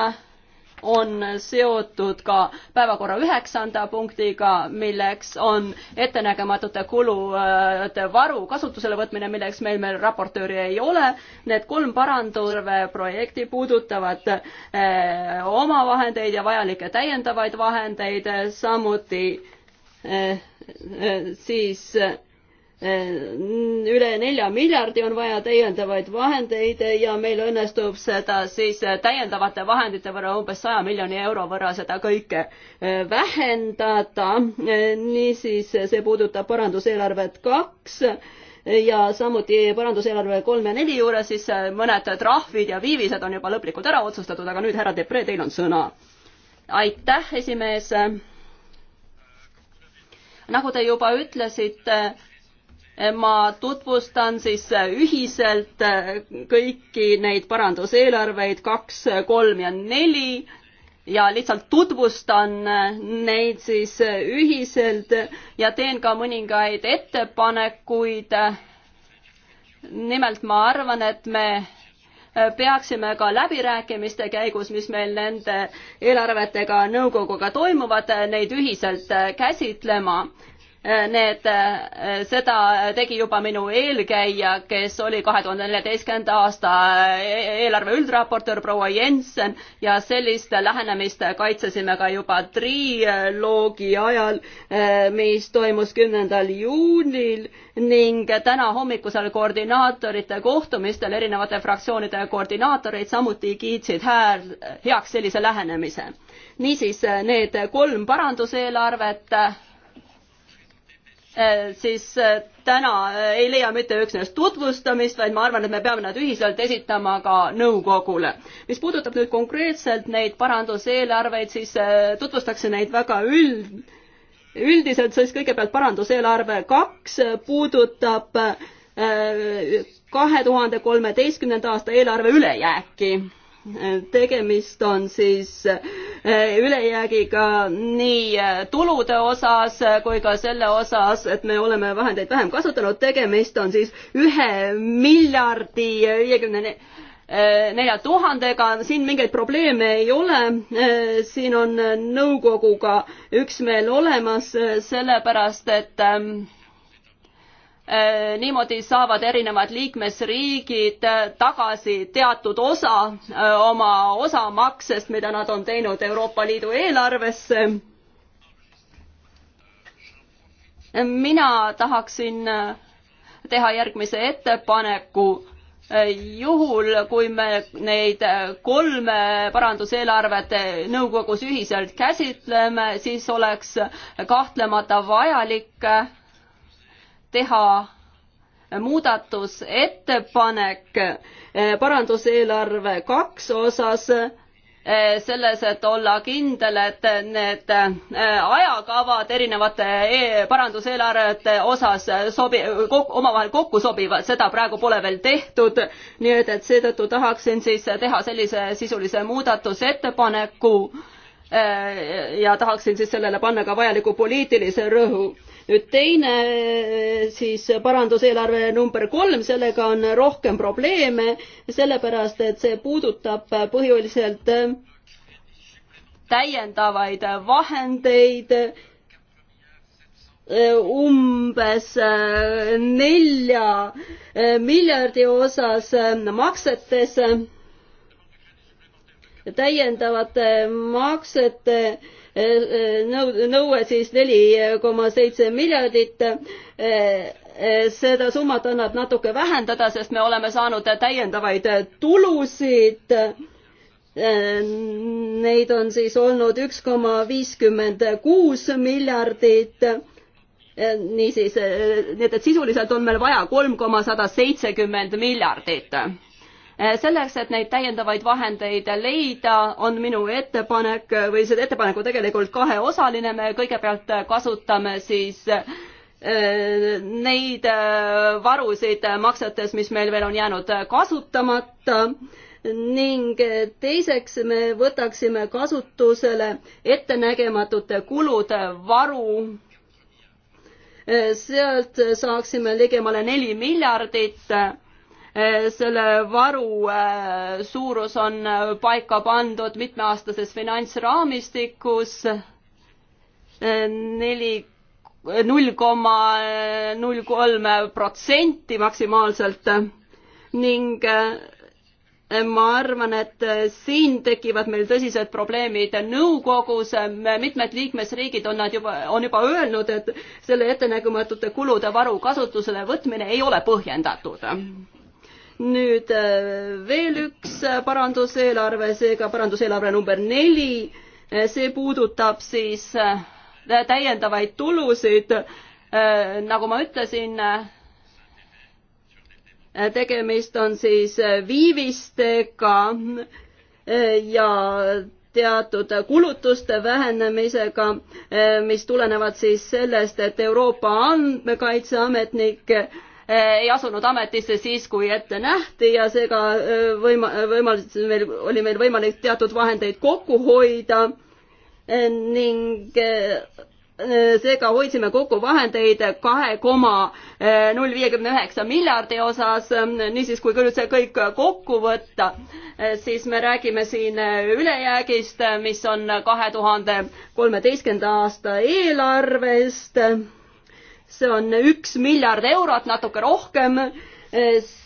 on seotud ka päevakorra üheksanda punktiga, milleks on ettenägematute kulude varu kasutusele võtmine, milleks meil veel raportööri ei ole. Need kolm parandusrve projekti puudutavad eh, omavahendeid ja vajalikke täiendavaid vahendeid, samuti eh, eh, siis eh, Äh, üle nelja miljardi on vaja täiendavaid vahendeid ja meil õnnestub seda siis äh, täiendavate vahendite võrra umbes saja miljoni euro võrra seda kõike äh, vähendada. niisiis, see puudutab paranduseelarvet kaks ja samuti paranduseelarve kolm ja neli juures siis mõned trahvid ja viivised on juba lõplikult ära otsustatud, aga nüüd härra Depre, teil on sõna. aitäh, esimees. nagu te juba ütlesite, ma tutvustan siis äh, ühiselt äh, kõiki neid paranduseelarveid kaks, äh, kolm ja neli ja lihtsalt tutvustan neid siis ühiselt ja teen ka mõningaid ettepanekuid. nimelt ma arvan, et me peaksime ka läbirääkimiste käigus, mis meil nende eelarvetega nõukoguga toimuvad, neid ühiselt käsitlema Need, eh, seda tegi juba minu eelkäija, kes oli kahe tuhande neljateistkümnenda aasta e-, eelarve üldraportöör proua Jensen ja sellist lähenemist kaitsesime ka juba triloogi ajal, eh, mis toimus kümnendal juunil ning täna hommikusel koordinaatorite kohtumistel erinevate fraktsioonide koordinaatorid samuti kiitsid hääl, heaks sellise lähenemise. niisiis, eh, need kolm paranduseelarvet Äh, siis äh, täna äh, ei leia mitte üksnes tutvustamist, vaid ma arvan, et me peame nad ühiselt esitama ka nõukogule. mis puudutab nüüd konkreetselt neid paranduseelarveid, siis tutvustakse neid väga üld, üldiselt, siis kõigepealt paranduseelarve kaks puudutab kahe tuhande kolmeteistkümnenda aasta eelarve ülejääki tegemist on siis eh, ülejäägiga nii eh, tulude osas kui ka selle osas, et me oleme vahendeid vähem kasutanud, tegemist on siis ühe miljardi viiekümne eh, nelja tuhandega, siin mingeid probleeme ei ole, siin on nõukoguga üksmeel olemas, sellepärast et Äh, niimoodi saavad erinevad liikmesriigid äh, tagasi teatud osa äh, oma osamaksest, mida nad on teinud Euroopa Liidu eelarvesse. mina tahaksin teha järgmise ettepaneku juhul, kui me neid kolme paranduseelarvet nõukogus ühiselt käsitleme, siis oleks kahtlemata vajalik teha muudatusettepanek eh, paranduseelarve kaks osas eh, selles, et olla kindel, et need eh, ajakavad erinevate e paranduseelarvete osas sobi-, kok-, omavahel kokku sobivad, seda praegu pole veel tehtud, nii et, et seetõttu tahaksin siis teha sellise sisulise muudatusettepaneku ja tahaksin siis sellele panna ka vajaliku poliitilise rõhu nüüd teine eh, siis paranduseelarve number kolm, sellega on rohkem probleeme, sellepärast et see puudutab eh, põhiliselt eh, täiendavaid vahendeid umbes nelja miljardi osas maksetes, täiendavate maksete nõue siis neli koma seitse miljardit. seda summat annab natuke vähendada, sest me oleme saanud täiendavaid tulusid. Neid on siis olnud üks koma viiskümmend kuus miljardit niisiis, nii et, et sisuliselt on meil vaja kolm koma sada seitsekümmend miljardit Eh, selleks, et neid täiendavaid vahendeid leida, on minu ettepanek eh, või see ettepanek on tegelikult kaheosaline, me kõigepealt eh, kasutame siis neid varusid maksetes, mis meil veel on jäänud kasutamata ning teiseks me võtaksime kasutusele ettenägematute kulude varu. sealt saaksime ligemale neli miljardit Eh, selle varu eh, suurus on eh, paika pandud mitmeaastases finantsraamistikus neli, null koma null kolm protsenti maksimaalselt ning ma arvan, et siin tekivad meil tõsised probleemid nõukogus, mitmed liikmesriigid on nad juba, on juba öelnud, et selle ettenägematute kulude varu kasutusele võtmine ei ole põhjendatud nüüd äh, veel üks äh, paranduseelarve, seega paranduseelarve number neli, äh, see puudutab siis täiendavaid tulusid, nagu ma ütlesin, tegemist on siis viivistega ja teatud kulutuste vähenemisega, mis tulenevad siis sellest, et Euroopa andmekaitseametnik Eh, ei asunud ametisse siis, kui ette nähti ja seega eh, võima-, võimalus, meil oli meil võimalik teatud vahendeid kokku hoida eh, ning seega hoidsime kokku vahendeid kahe koma null viiekümne üheksa miljardi osas, niisiis kui küll see kõik kokku võtta, siis me räägime siin ülejäägist, mis on kahe tuhande kolmeteistkümnenda aasta eelarvest see on üks miljard eurot, natuke rohkem,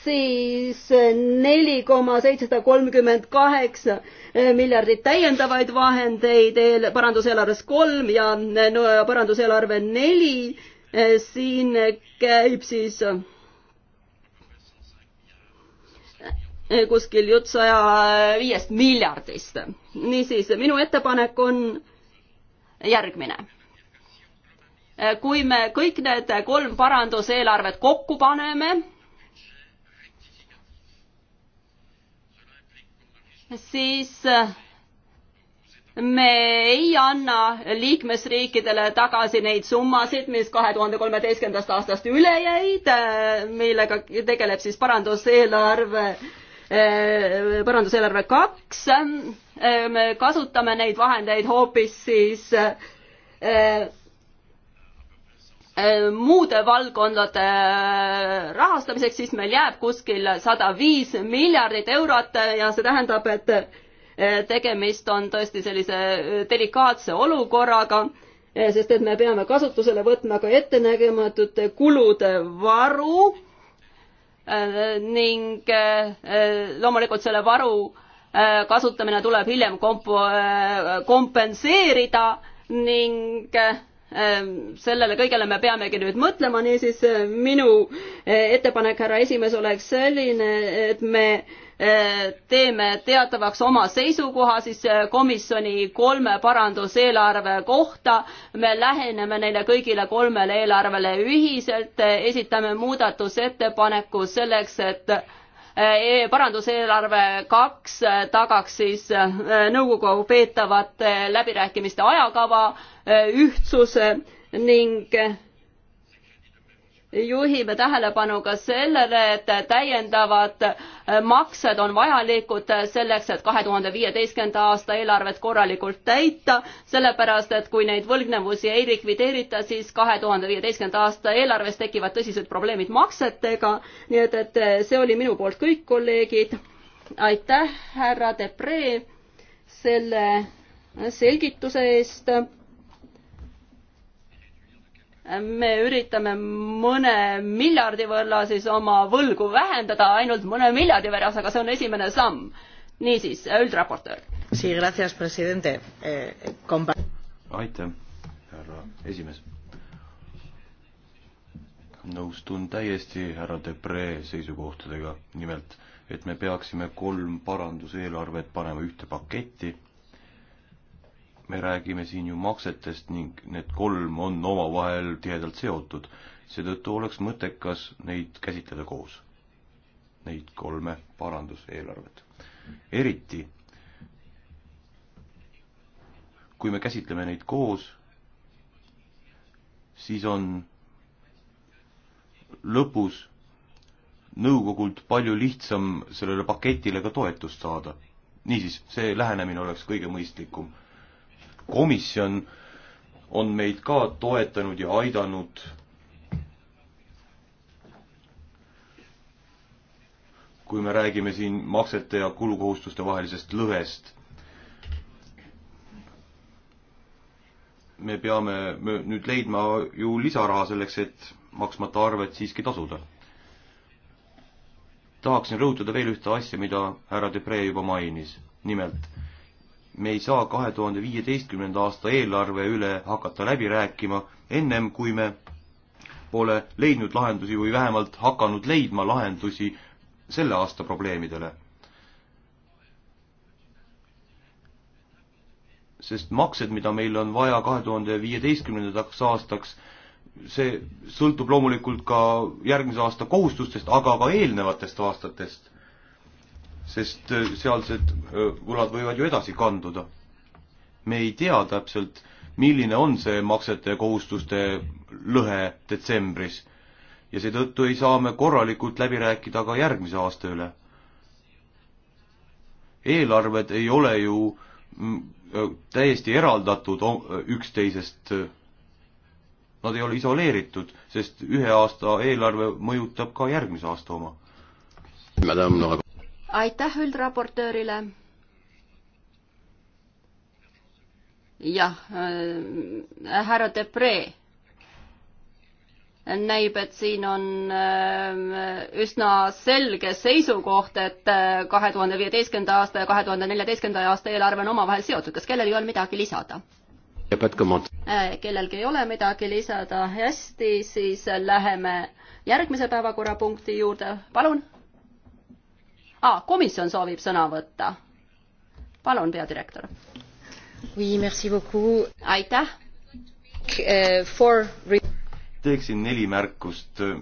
siis neli koma seitsesada kolmkümmend kaheksa miljardit täiendavaid vahendeid, paranduseelarves kolm ja no, paranduseelarve neli, siin käib siis kuskil jutt saja viiest miljardist. niisiis, minu ettepanek on järgmine Eh, kui me kõik need kolm paranduseelarvet kokku paneme, siis eh, me ei anna liikmesriikidele tagasi neid summasid, mis kahe tuhande kolmeteistkümnendast aastast üle jäid, eh, millega tegeleb siis paranduseelarve, paranduseelarve kaks. me kasutame neid vahendeid hoopis siis Äh, muude valdkondade äh, rahastamiseks, siis meil jääb kuskil sada viis miljardit eurot äh, ja see tähendab, et tegemist on tõesti sellise delikaatse olukorraga, sest et me peame kasutusele võtma ka ettenägematute kulude varu ning loomulikult selle varu kasutamine tuleb hiljem komp-, kompenseerida ning Ähm, sellele kõigele me peamegi nüüd mõtlema, niisiis äh, minu äh, ettepanek, härra esimees, oleks selline, et me äh, teeme teatavaks oma seisukoha siis komisjoni kolme paranduseelarve kohta. me läheneme neile kõigile kolmele eelarvele ühiselt, esitame muudatusettepaneku selleks, et E, paranduseelarve kaks tagaks siis e, nõukogu peetavate läbirääkimiste ajakava e, ühtsuse ning juhime tähelepanu ka sellele, et täiendavad äh, maksed on vajalikud selleks, et kahe tuhande viieteistkümnenda aasta eelarvet korralikult täita, sellepärast et kui neid võlgnevusi ei likvideerita, siis kahe tuhande viieteistkümnenda aasta eelarves tekivad tõsised probleemid maksetega, nii et, et äh, see oli minu poolt kõik, kolleegid. aitäh, härra Depree, selle selgituse eest me üritame mõne miljardi võrra siis oma võlgu vähendada ainult mõne miljardi võrra, aga see on esimene samm. niisiis, üldraportöör. Eh, aitäh, härra esimees. nõustun täiesti härra Debre seisukohtadega, nimelt, et me peaksime kolm paranduseelarvet panema ühte paketti me räägime siin ju maksetest ning need kolm on omavahel tihedalt seotud. seetõttu oleks mõttekas neid käsitleda koos, neid kolme paranduseelarvet. eriti kui me käsitleme neid koos, siis on lõpus nõukogult palju lihtsam sellele paketile ka toetust saada. niisiis, see lähenemine oleks kõige mõistlikum komisjon on meid ka toetanud ja aidanud. kui me räägime siin maksete ja kulukohustuste vahelisest lõhest. me peame me nüüd leidma ju lisaraha selleks, et maksmata arved siiski tasuda. tahaksin rõhutada veel ühte asja, mida härra Debre juba mainis. nimelt me ei saa kahe tuhande viieteistkümnenda aasta eelarve üle hakata läbi rääkima ennem, kui me pole leidnud lahendusi või vähemalt hakanud leidma lahendusi selle aasta probleemidele. sest maksed, mida meil on vaja kahe tuhande viieteistkümnendaks aastaks, see sõltub loomulikult ka järgmise aasta kohustustest, aga ka eelnevatest aastatest sest äh, sealsed äh, võlad võivad ju edasi kanduda. me ei tea täpselt, milline on see maksete ja kohustuste lõhe detsembris ja seetõttu ei saa me korralikult läbi rääkida ka järgmise aasta üle. eelarved ei ole ju mm, äh, täiesti eraldatud üksteisest, nad ei ole isoleeritud, sest ühe aasta eelarve mõjutab ka järgmise aasta oma aitäh üldraportöörile. jah äh,, härra Depree näib, et siin on äh, üsna selge seisukoht, et äh, kahe tuhande viieteistkümnenda aasta ja kahe tuhande neljateistkümnenda aasta eelarve on omavahel seotud, kas kellelgi on midagi lisada? Äh, kellelgi ei ole midagi lisada, hästi, siis läheme järgmise päevakorrapunkti juurde, palun ah,. komisjon soovib sõna võtta. palun, peadirektor. aitäh. Eh, teeksin neli märkust eh,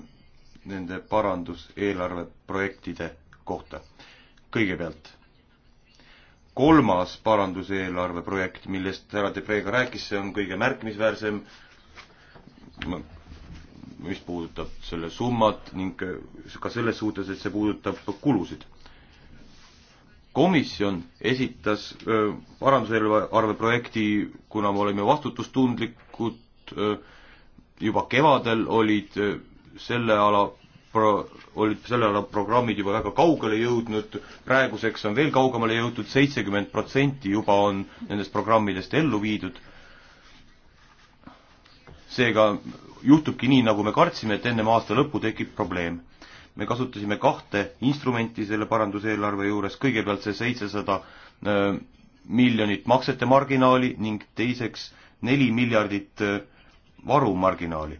nende paranduseelarveprojektide kohta. kõigepealt, kolmas paranduseelarveprojekt, millest härra Debrega rääkis, see on kõige märkimisväärsem, mis puudutab selle summat ning eh, ka selles suhtes, et see puudutab kulusid komisjon esitas parandusjärelevalve projekti, kuna me olime vastutustundlikud, juba kevadel olid selle ala pro-, olid selle ala programmid juba väga kaugele jõudnud, praeguseks on veel kaugemale jõutud, seitsekümmend protsenti juba on nendest programmidest ellu viidud. seega juhtubki nii, nagu me kartsime, et ennem aasta lõppu tekib probleem me kasutasime kahte instrumenti selle paranduseelarve juures, kõigepealt see seitsesada äh, miljonit maksete marginaali ning teiseks neli miljardit äh, varumarginaali.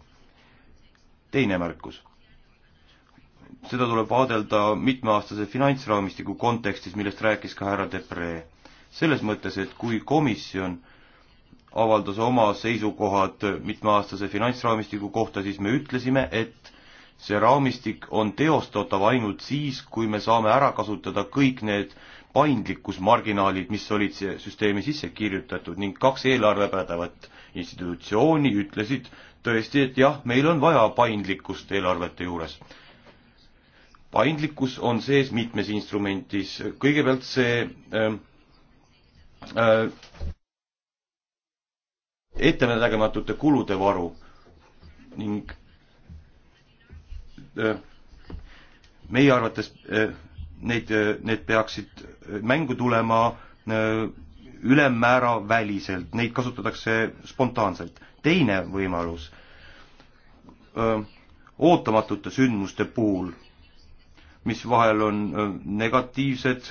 teine märkus. seda tuleb vaadelda mitmeaastase finantsraamistiku kontekstis, millest rääkis ka härra Depree. selles mõttes, et kui komisjon avaldas oma seisukohad mitmeaastase finantsraamistiku kohta, siis me ütlesime, et see raamistik on teostatav ainult siis, kui me saame ära kasutada kõik need paindlikkusmarginaalid, mis olid see süsteemi sisse kirjutatud ning kaks eelarvepädevat institutsiooni ütlesid tõesti, et jah, meil on vaja paindlikkust eelarvete juures. paindlikkus on sees mitmes instrumentis, kõigepealt see äh, äh, ettenägematute kulude varu ning Äh, meie arvates äh, neid, äh, need peaksid mängu tulema ülemmäära väliselt, neid kasutatakse spontaanselt. teine võimalus, ootamatute sündmuste puhul, mis vahel on negatiivsed,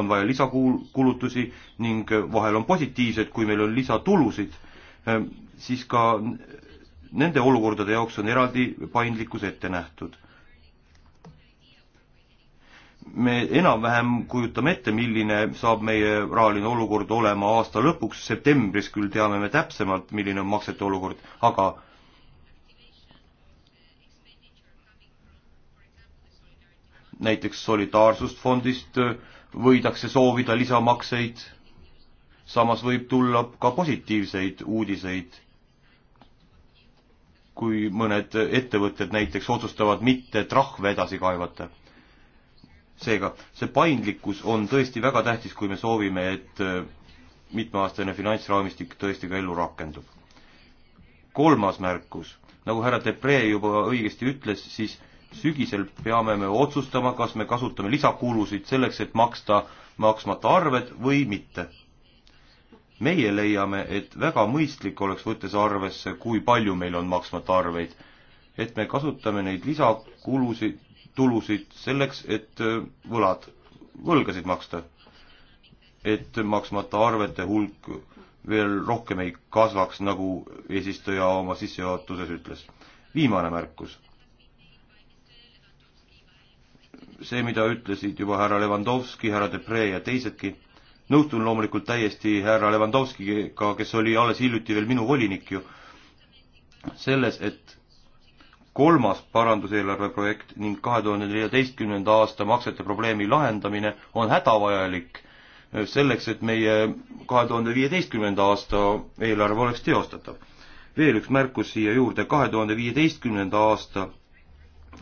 on vaja lisakulutusi ning vahel on positiivsed, kui meil on lisatulusid, siis ka Nende olukordade jaoks on eraldi paindlikkus ette nähtud. me enam-vähem kujutame ette, milline saab meie rahaline olukord olema aasta lõpuks, septembris küll teame me täpsemalt, milline on maksete olukord, aga näiteks solidaarsustfondist võidakse soovida lisamakseid, samas võib tulla ka positiivseid uudiseid kui mõned ettevõtted näiteks otsustavad mitte trahve edasi kaevata. seega, see paindlikkus on tõesti väga tähtis, kui me soovime, et äh, mitmeaastane finantsraamistik tõesti ka ellu rakendub. kolmas märkus, nagu härra Depree juba õigesti ütles, siis sügisel peame me otsustama, kas me kasutame lisakulusid selleks, et maksta maksmata arved või mitte meie leiame, et väga mõistlik oleks, võttes arvesse, kui palju meil on maksmata arveid, et me kasutame neid lisakulusid, tulusid selleks, et äh, võlad, võlgasid maksta. et maksmata arvete hulk veel rohkem ei kasvaks, nagu eesistuja oma sissejuhatuses ütles. viimane märkus. see, mida ütlesid juba härra Levandovski, härra Debre ja teisedki nõustun loomulikult täiesti härra Levandovskiga, kes oli alles hiljuti veel minu volinik ju, selles, et kolmas paranduseelarve projekt ning kahe tuhande neljateistkümnenda aasta maksete probleemi lahendamine on hädavajalik eh, selleks, et meie kahe tuhande viieteistkümnenda aasta eelarve oleks teostatav. veel üks märkus siia juurde, kahe tuhande viieteistkümnenda aasta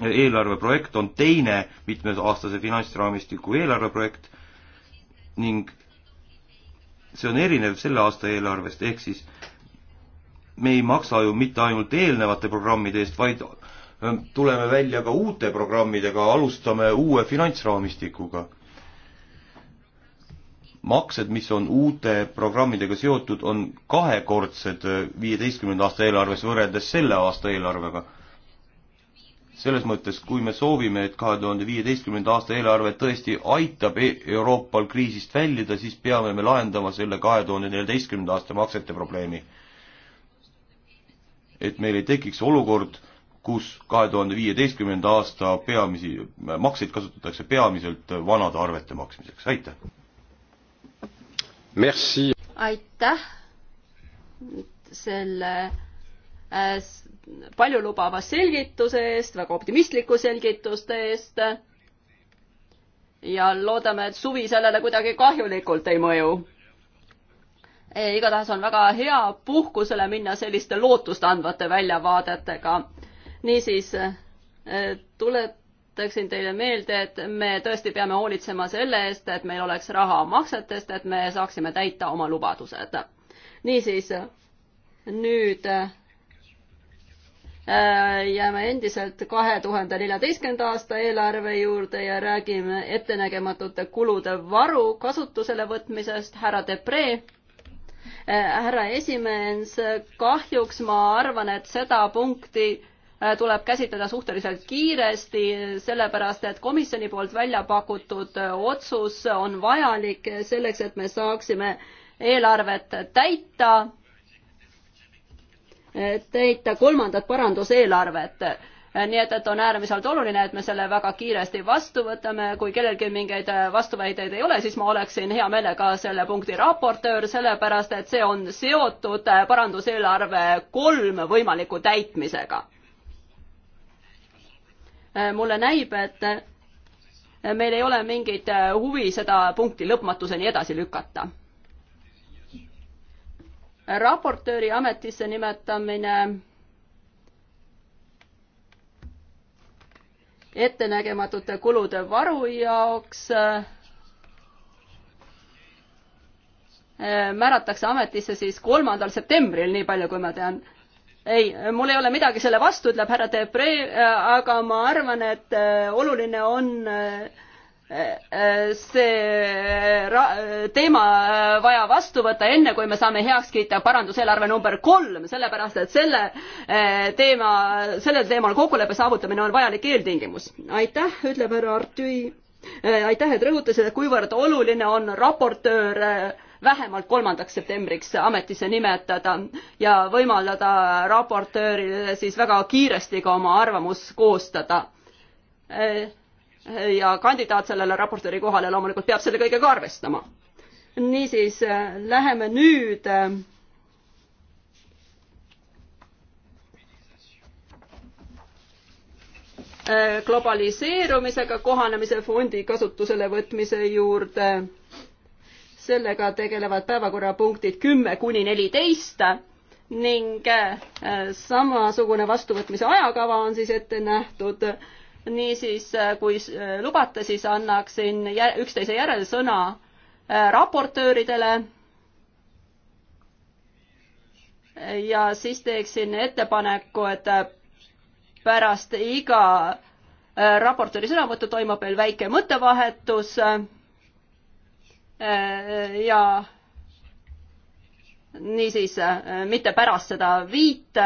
eelarveprojekt on teine mitmeaastase finantsraamistiku eelarveprojekt ning see on erinev selle aasta eelarvest, ehk siis me ei maksa ju mitte ainult eelnevate programmide eest, vaid ähm, tuleme välja ka uute programmidega, alustame uue finantsraamistikuga. maksed, mis on uute programmidega seotud, on kahekordsed äh, viieteistkümnenda aasta eelarves võrreldes selle aasta eelarvega selles mõttes, kui me soovime, et kahe tuhande viieteistkümnenda aasta eelarve tõesti aitab e-, Euroopal kriisist väljuda, siis peame me lahendama selle kahe tuhande neljateistkümnenda aasta maksete probleemi. et meil ei tekiks olukord, kus kahe tuhande viieteistkümnenda aasta peamisi, makseid kasutatakse peamiselt vanade arvete maksmiseks, aitäh! aitäh selle äh, paljulubava selgituse eest, väga optimistliku selgituste eest. ja loodame, et suvi sellele kuidagi kahjulikult ei mõju. igatahes on väga hea puhkusele minna selliste lootust andvate väljavaadetega. niisiis eh, tuletaksin teile meelde, et me tõesti peame hoolitsema selle eest, et meil oleks raha maksetest, et me saaksime täita oma lubadused. niisiis, nüüd eh, Äh, jääme endiselt kahe tuhande neljateistkümnenda aasta eelarve juurde ja räägime ettenägematute kulude varu kasutusele võtmisest. härra Depree, äh, härra esimees, kahjuks ma arvan, et seda punkti äh, tuleb käsitleda suhteliselt kiiresti, sellepärast et komisjoni poolt välja pakutud otsus on vajalik selleks, et me saaksime eelarvet täita täita kolmandat paranduseelarvet nii et, et on äärmiselt oluline, et me selle väga kiiresti vastu võtame, kui kellelgi mingeid vastuväiteid ei ole, siis ma oleksin hea meelega selle punkti raportöör, sellepärast et see on seotud paranduseelarve kolm võimaliku täitmisega. mulle näib, et meil ei ole mingit huvi seda punkti lõpmatuseni edasi lükata raportööri ametisse nimetamine ettenägematute kulude varu jaoks eh, määratakse ametisse siis kolmandal septembril, nii palju kui ma tean. ei, mul ei ole midagi selle vastu, ütleb härra Debre, eh, aga ma arvan, et eh, oluline on äh, see teema vaja vastu võtta, enne kui me saame heaks kiita paranduseelarve number kolm, sellepärast et selle eh, teema, sellel teemal kokkuleppe saavutamine on vajalik eeltingimus. aitäh, ütleb härra Artüi. Eh, aitäh, et rõhutasid, kuivõrd oluline on raportöör eh, vähemalt kolmandaks septembriks ametisse nimetada ja võimaldada raportööril siis väga kiiresti ka oma arvamus koostada ja kandidaat sellele raportööri kohale loomulikult peab selle kõigega arvestama. niisiis, äh, läheme nüüd äh, globaliseerumisega kohanemise fondi kasutusele võtmise juurde. sellega tegelevad päevakorrapunktid kümme kuni neliteist ning äh, samasugune vastuvõtmise ajakava on siis ette nähtud niisiis, äh, kui äh, lubate, siis annaksin üksteise järel sõna äh, raportööridele. ja siis teeksin ettepaneku, et pärast iga raportööri sõnavõttu toimub meil väike mõttevahetus. ja niisiis, mitte pärast seda viit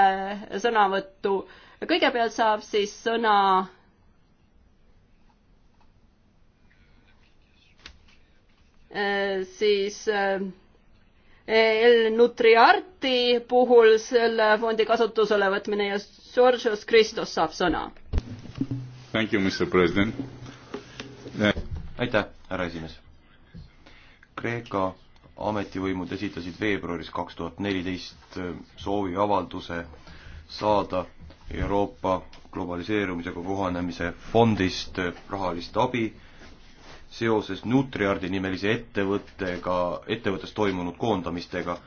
sõnavõttu. kõigepealt saab siis sõna Äh, siis äh, El Nutriarti puhul selle fondi kasutusele võtmine ja Georgios Christos saab sõna. Äh, aitäh, härra esimees. Kreeka ametivõimud esitasid veebruaris kaks tuhat neliteist sooviavalduse saada Euroopa globaliseerumisega kohanemise fondist rahalist abi seoses Nutriardi nimelise ettevõttega, ettevõttes toimunud koondamistega.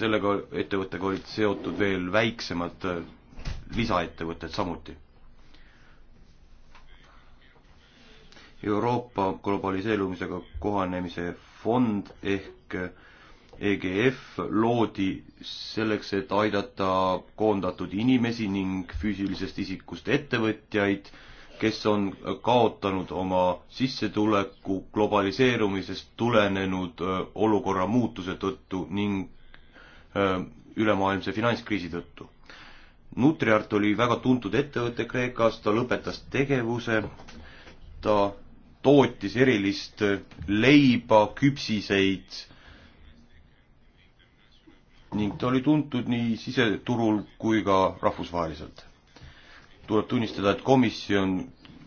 sellega ettevõttega olid seotud veel väiksemad äh, lisaettevõtted samuti. Euroopa globaliseerumisega kohanemise fond ehk EGF loodi selleks, et aidata koondatud inimesi ning füüsilisest isikust ettevõtjaid kes on kaotanud oma sissetuleku globaliseerumisest tulenenud olukorra muutuse tõttu ning ülemaailmse finantskriisi tõttu. Nutriart oli väga tuntud ettevõte Kreekas, ta lõpetas tegevuse, ta tootis erilist leiba, küpsiseid ning ta oli tuntud nii siseturul kui ka rahvusvaheliselt tuleb tunnistada, et komisjon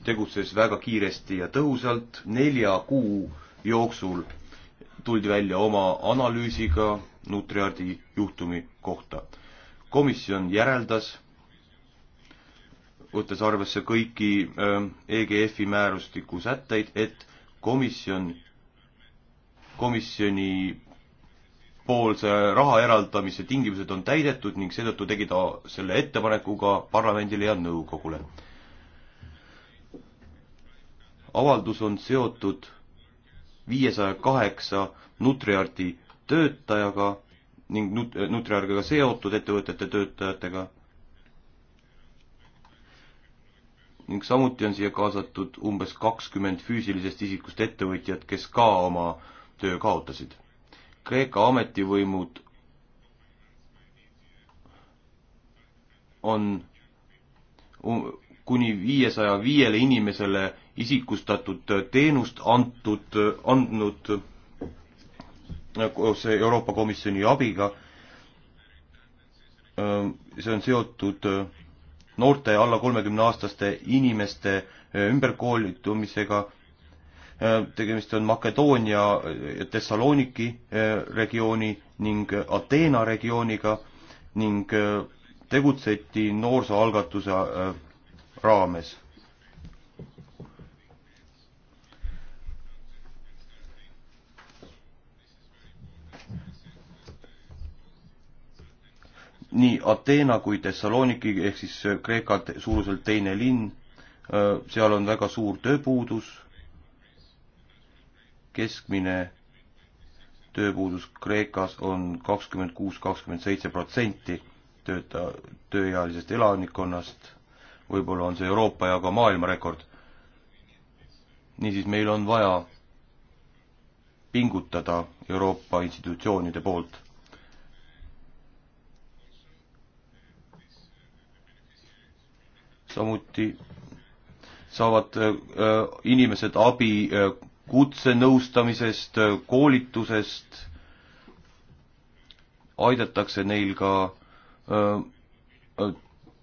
tegutses väga kiiresti ja tõhusalt, nelja kuu jooksul tuldi välja oma analüüsiga Nutriardi juhtumi kohta. komisjon järeldas, võttes arvesse kõiki ähm, EGF-i määrustiku sätteid, et komisjon, komisjoni poolse raha eraldamise tingimused on täidetud ning seetõttu tegi ta selle ettepaneku ka parlamendile ja nõukogule. avaldus on seotud viiesaja kaheksa Nutriarti töötajaga ning nut-, Nutriargiga seotud ettevõtete töötajatega ning samuti on siia kaasatud umbes kakskümmend füüsilisest isikust ettevõtjat, kes ka oma töö kaotasid Kreeka ametivõimud on kuni viiesaja viiele inimesele isikustatud teenust antud, andnud koos Euroopa Komisjoni abiga. see on seotud noorte alla kolmekümne aastaste inimeste ümberkoolitumisega Äh, tegemist on Makedoonia ja äh, Thessaloniki äh, regiooni ning Ateena regiooniga ning tegutseti noorsooalgatuse raames. nii Ateena kui Thessaloniki ehk siis Kreeka suuruselt teine linn, seal on väga suur tööpuudus keskmine tööpuudus Kreekas on kakskümmend kuus, kakskümmend seitse protsenti tööta, tööealisest elanikkonnast, võib-olla on see Euroopa ja ka maailmarekord. niisiis, meil on vaja pingutada Euroopa institutsioonide poolt. samuti saavad äh, inimesed abi äh, kutsenõustamisest, koolitusest, aidatakse neil ka öö,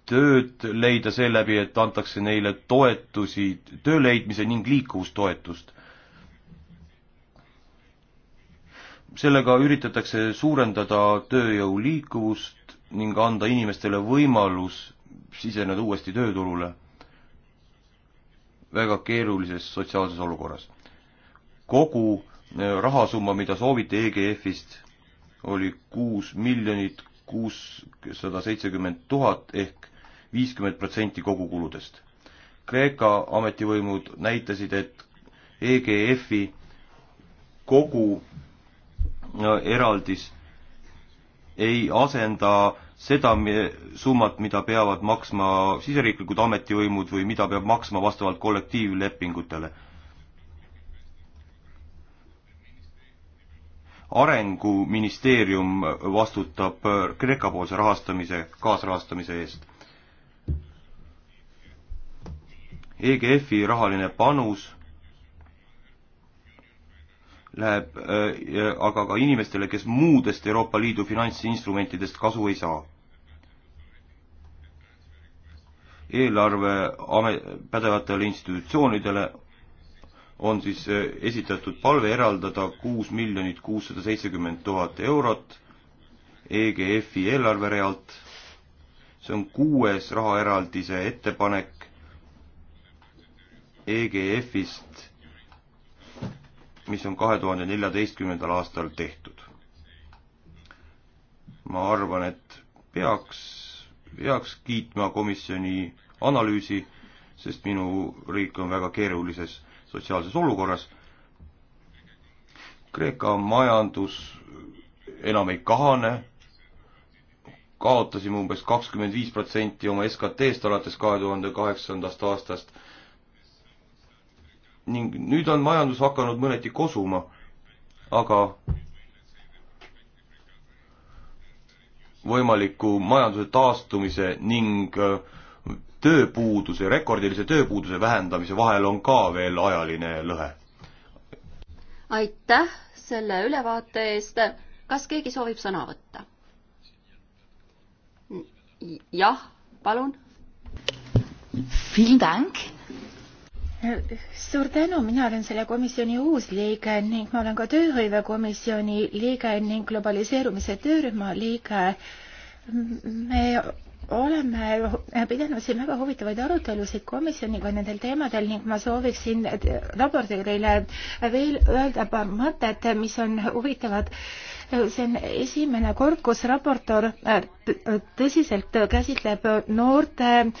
tööd leida seeläbi, et antakse neile toetusi töö leidmise ning liikuvustoetust. sellega üritatakse suurendada tööjõu liikuvust ning anda inimestele võimalus siseneda uuesti tööturule väga keerulises sotsiaalses olukorras kogu äh, rahasumma, mida sooviti EGF-ist, oli kuus miljonit kuussada seitsekümmend tuhat ehk viiskümmend protsenti kogukuludest. Kreeka ametivõimud näitasid, et EGF-i kogu äh, eraldis ei asenda seda summat, mida peavad maksma siseriiklikud ametivõimud või mida peab maksma vastavalt kollektiivlepingutele arenguministeerium vastutab Kreeka poolse rahastamise, kaasrahastamise eest. EGF-i rahaline panus läheb äh, aga ka inimestele, kes muudest Euroopa Liidu finantsinstrumentidest kasu ei saa. eelarve pädevatele institutsioonidele on siis eh, esitatud palve eraldada kuus miljonit kuussada seitsekümmend tuhat eurot EGF-i eelarverealt. see on kuues rahaeraldise ettepanek EGF-ist, mis on kahe tuhande neljateistkümnendal aastal tehtud. ma arvan, et peaks heaks kiitma komisjoni analüüsi, sest minu riik on väga keerulises sotsiaalses olukorras. Kreeka majandus enam ei kahane, kaotasime umbes kakskümmend viis protsenti oma SKT-st alates kahe tuhande kaheksandast aastast ning nüüd on majandus hakanud mõneti kosuma, aga võimaliku majanduse taastumise ning äh, tööpuuduse, rekordilise tööpuuduse vähendamise vahel on ka veel ajaline lõhe. aitäh selle ülevaate eest. kas keegi soovib sõna võtta? jah, palun. suur tänu, mina olen selle komisjoni uus liige ning ma olen ka tööhõivekomisjoni liige ning globaliseerumise töörühma liige me oleme pidanud siin väga huvitavaid arutelusid komisjoniga nendel teemadel ning ma sooviksin raportöörile veel öelda paar mõtet, mis on huvitavad. see on esimene kord, kus raportöör tõsiselt käsitleb noorte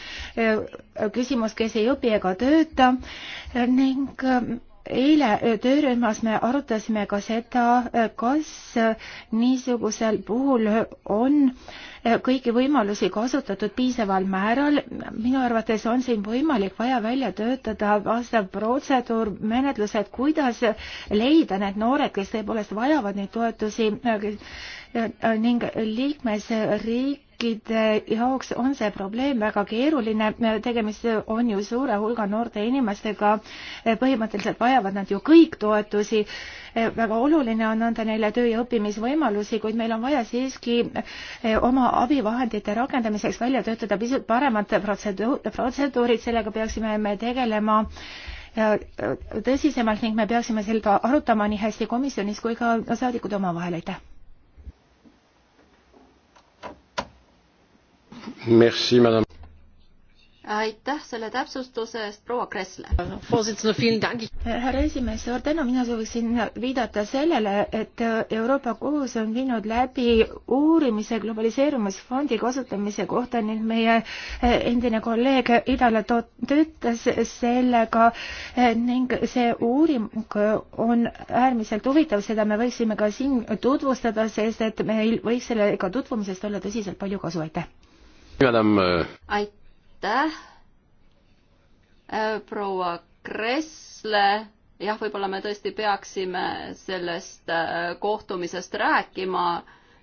küsimust, kes ei õpi ega tööta ning eile äh, töörühmas me arutasime ka seda, äh, kas äh, niisugusel puhul on kõiki võimalusi kasutatud piisaval määral. minu arvates on siin võimalik vaja välja töötada vastav protseduur, menetlused, kuidas leida need noored, kes tõepoolest vajavad neid toetusi ning liikmesriik riikide jaoks on see probleem väga keeruline, tegemist on ju suure hulga noorte inimestega, põhimõtteliselt vajavad nad ju kõik toetusi, väga oluline on anda neile töö- ja õppimisvõimalusi, kuid meil on vaja siiski oma abivahendite rakendamiseks välja töötada pisut paremad protseduur, protseduurid, sellega peaksime me tegelema Ja tõsisemalt ning me peaksime seda arutama nii hästi komisjonis kui ka saadikud omavahel, aitäh! aitäh selle täpsustuse eest, proua Kressle. härra esimees, suur tänu, mina sooviksin viidata sellele, et Euroopa Kohus on viinud läbi uurimise globaliseerumisfondi kasutamise kohta ning meie eh, endine kolleeg Idala töötas sellega eh, ning see uuring on äärmiselt huvitav, seda me võiksime ka siin tutvustada, sest et meil võiks sellega tutvumisest olla tõsiselt palju kasu, aitäh Äh, aitäh, äh, proua Kressle jah, võib-olla me tõesti peaksime sellest äh, kohtumisest rääkima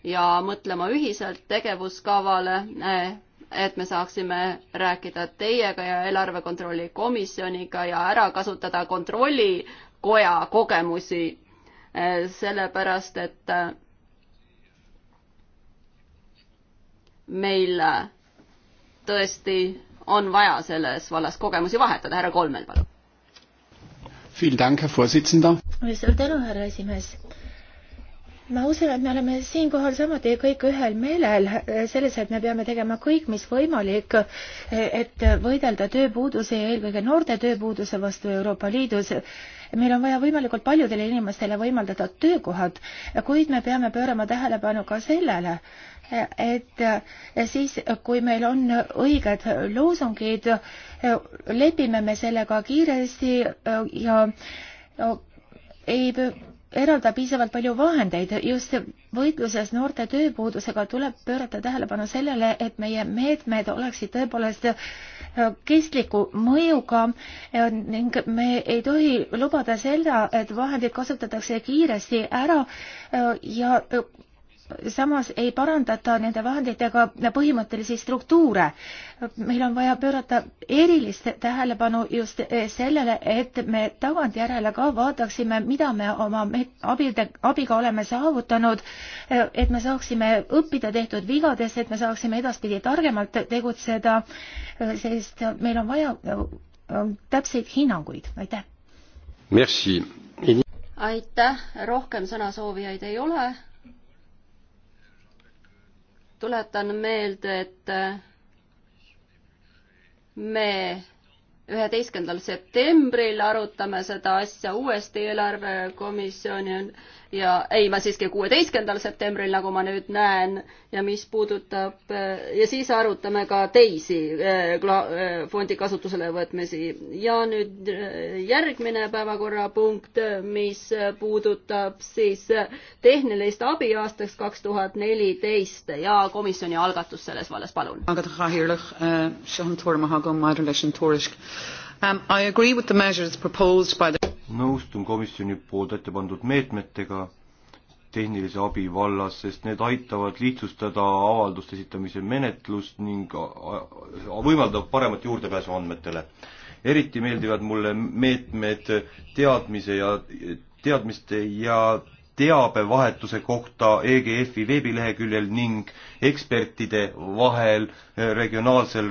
ja mõtlema ühiselt tegevuskavale, et me saaksime rääkida teiega ja eelarve kontrolli komisjoniga ja ära kasutada kontrollikoja kogemusi, sellepärast et meil tõesti on vaja selles vallas kogemusi vahetada, härra Kolmel, palun. suur tänu, härra esimees ma usun, et me oleme siinkohal samuti kõik ühel meelel eh, selles, et me peame tegema kõik, mis võimalik, eh, et võidelda tööpuuduse ja eelkõige noorte tööpuuduse vastu Euroopa Liidus. meil on vaja võimalikult paljudele inimestele võimaldada töökohad, kuid me peame pöörama tähelepanu ka sellele, eh, et siis, kui meil on õiged loosungid, lepime me sellega kiiresti ja ei eralda piisavalt palju vahendeid. just võitluses noorte tööpuudusega tuleb pöörata tähelepanu sellele, et meie meetmed oleksid tõepoolest äh, kestliku mõjuga äh, ning me ei tohi lubada seda, et vahendid kasutatakse kiiresti ära äh, ja samas ei parandata nende vahenditega põhimõttelisi struktuure. meil on vaja pöörata erilist tähelepanu just sellele, et me tagantjärele ka vaataksime, mida me oma abide, abiga oleme saavutanud, et me saaksime õppida tehtud vigadest, et me saaksime edaspidi targemalt tegutseda, sest meil on vaja äh, täpseid hinnanguid, aitäh! aitäh, rohkem sõnasoovijaid ei ole tuletan meelde, et äh, me üheteistkümnendal septembril arutame seda asja uuesti eelarvekomisjoni ja ei, ma siiski kuueteistkümnendal septembril, nagu ma nüüd näen ja mis puudutab ja siis arutame ka teisi äh, äh, fondi kasutusele võtmisi ja nüüd äh, järgmine päevakorrapunkt, mis puudutab siis tehnilist abi aastaks kaks tuhat neliteist ja komisjoni algatust selles vallas, palun. Um, I agree with the measures proposed by the nõustun komisjoni poolt ette pandud meetmetega tehnilise abi vallas, sest need aitavad lihtsustada avalduste esitamise menetlust ning võimaldab paremat juurdepääsu andmetele. eriti meeldivad mulle meetmed teadmise ja, teadmiste ja teabevahetuse kohta EGF-i veebileheküljel ning ekspertide vahel regionaalsel,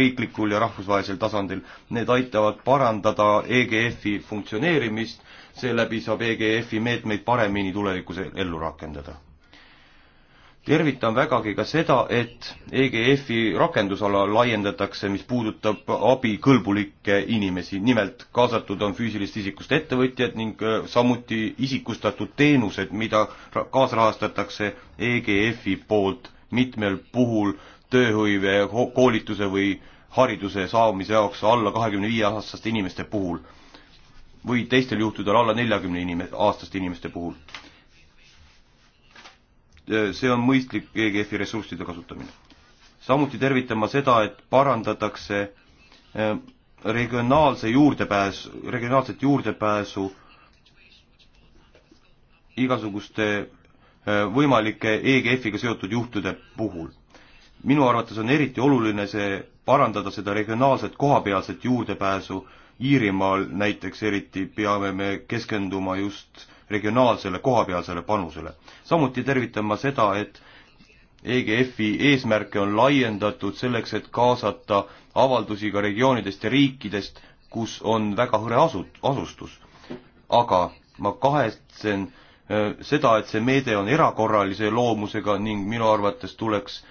riiklikul ja rahvusvahelisel tasandil. Need aitavad parandada EGF-i funktsioneerimist, seeläbi saab EGF-i meetmeid paremini tulevikus ellu rakendada tervitan vägagi ka seda, et EGF-i rakendusala laiendatakse, mis puudutab abikõlbulikke inimesi, nimelt kaasatud on füüsilisest isikust ettevõtjad ning äh, samuti isikustatud teenused, mida kaasrahastatakse EGF-i poolt mitmel puhul tööhõive, koolituse või hariduse saamise jaoks alla kahekümne viie aastaste inimeste puhul või teistel juhtudel alla neljakümne inimese, aastaste inimeste puhul Äh, see on mõistlik EGF-i ressursside kasutamine. samuti tervitan ma seda, et parandatakse äh, regionaalse juurdepääs, regionaalset juurdepääsu igasuguste äh, võimalike EGF-iga seotud juhtude puhul. minu arvates on eriti oluline see, parandada seda regionaalset kohapealset juurdepääsu Iirimaal näiteks eriti peame me keskenduma just regionaalsele kohapealsele panusele. samuti tervitan ma seda, et EGF-i eesmärke on laiendatud selleks, et kaasata avaldusi ka regioonidest ja riikidest, kus on väga hõre asu-, asustus. aga ma kahetsen seda, et see meede on erakorralise loomusega ning minu arvates tuleks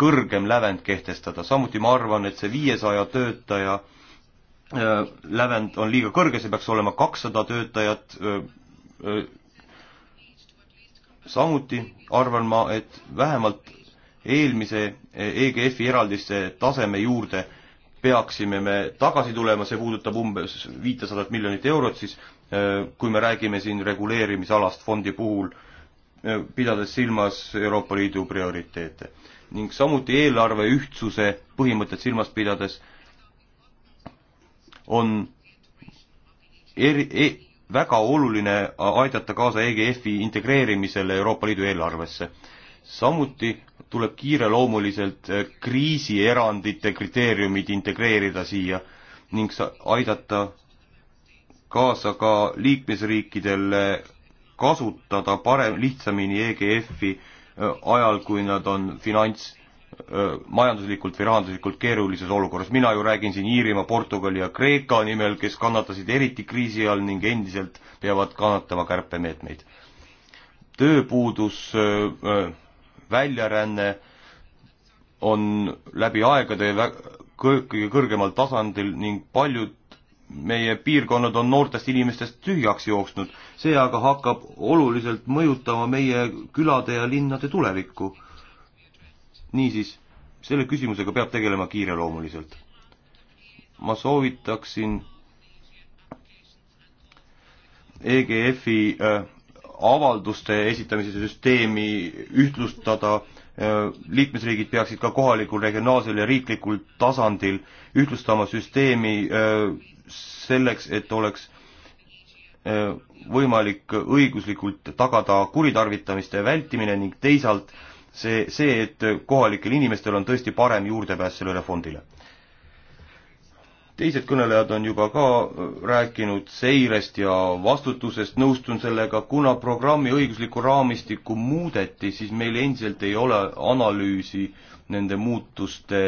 kõrgem lävend kehtestada, samuti ma arvan, et see viiesaja töötaja lävend on liiga kõrge, see peaks olema kakssada töötajat samuti arvan ma, et vähemalt eelmise EGF-i e eraldiste taseme juurde peaksime me tagasi tulema, see puudutab umbes viitesadat miljonit eurot, siis kui me räägime siin reguleerimisalast fondi puhul, pidades silmas Euroopa Liidu prioriteete. ning samuti eelarve ühtsuse põhimõtet silmas pidades on eri e,, väga oluline aidata kaasa EGF-i integreerimisele Euroopa Liidu eelarvesse. samuti tuleb kiireloomuliselt e, kriisierandite kriteeriumid integreerida siia ning aidata kaasa ka liikmesriikidel kasutada parem, lihtsamini EGF-i e, ajal, kui nad on finants- majanduslikult või rahanduslikult keerulises olukorras. mina ju räägin siin Iirimaa, Portugali ja Kreeka nimel, kes kannatasid eriti kriisi all ning endiselt peavad kannatama kärpemeetmeid. tööpuudus, väljaränne on läbi aegade kõige kõrgemal tasandil ning paljud meie piirkonnad on noortest inimestest tühjaks jooksnud, see aga hakkab oluliselt mõjutama meie külade ja linnade tulevikku niisiis, selle küsimusega peab tegelema kiireloomuliselt. ma soovitaksin EGF-i äh, avalduste esitamise süsteemi ühtlustada äh,, liikmesriigid peaksid ka kohalikul, regionaalsel ja riiklikul tasandil ühtlustama süsteemi äh, selleks, et oleks äh, võimalik õiguslikult tagada kuritarvitamiste vältimine ning teisalt äh, see, see, et kohalikel inimestel on tõesti parem juurdepääs sellele fondile. teised kõnelejad on juba ka äh, rääkinud seirest ja vastutusest, nõustun sellega, kuna programmi õiguslikku raamistikku muudeti, siis meil endiselt ei ole analüüsi nende muutuste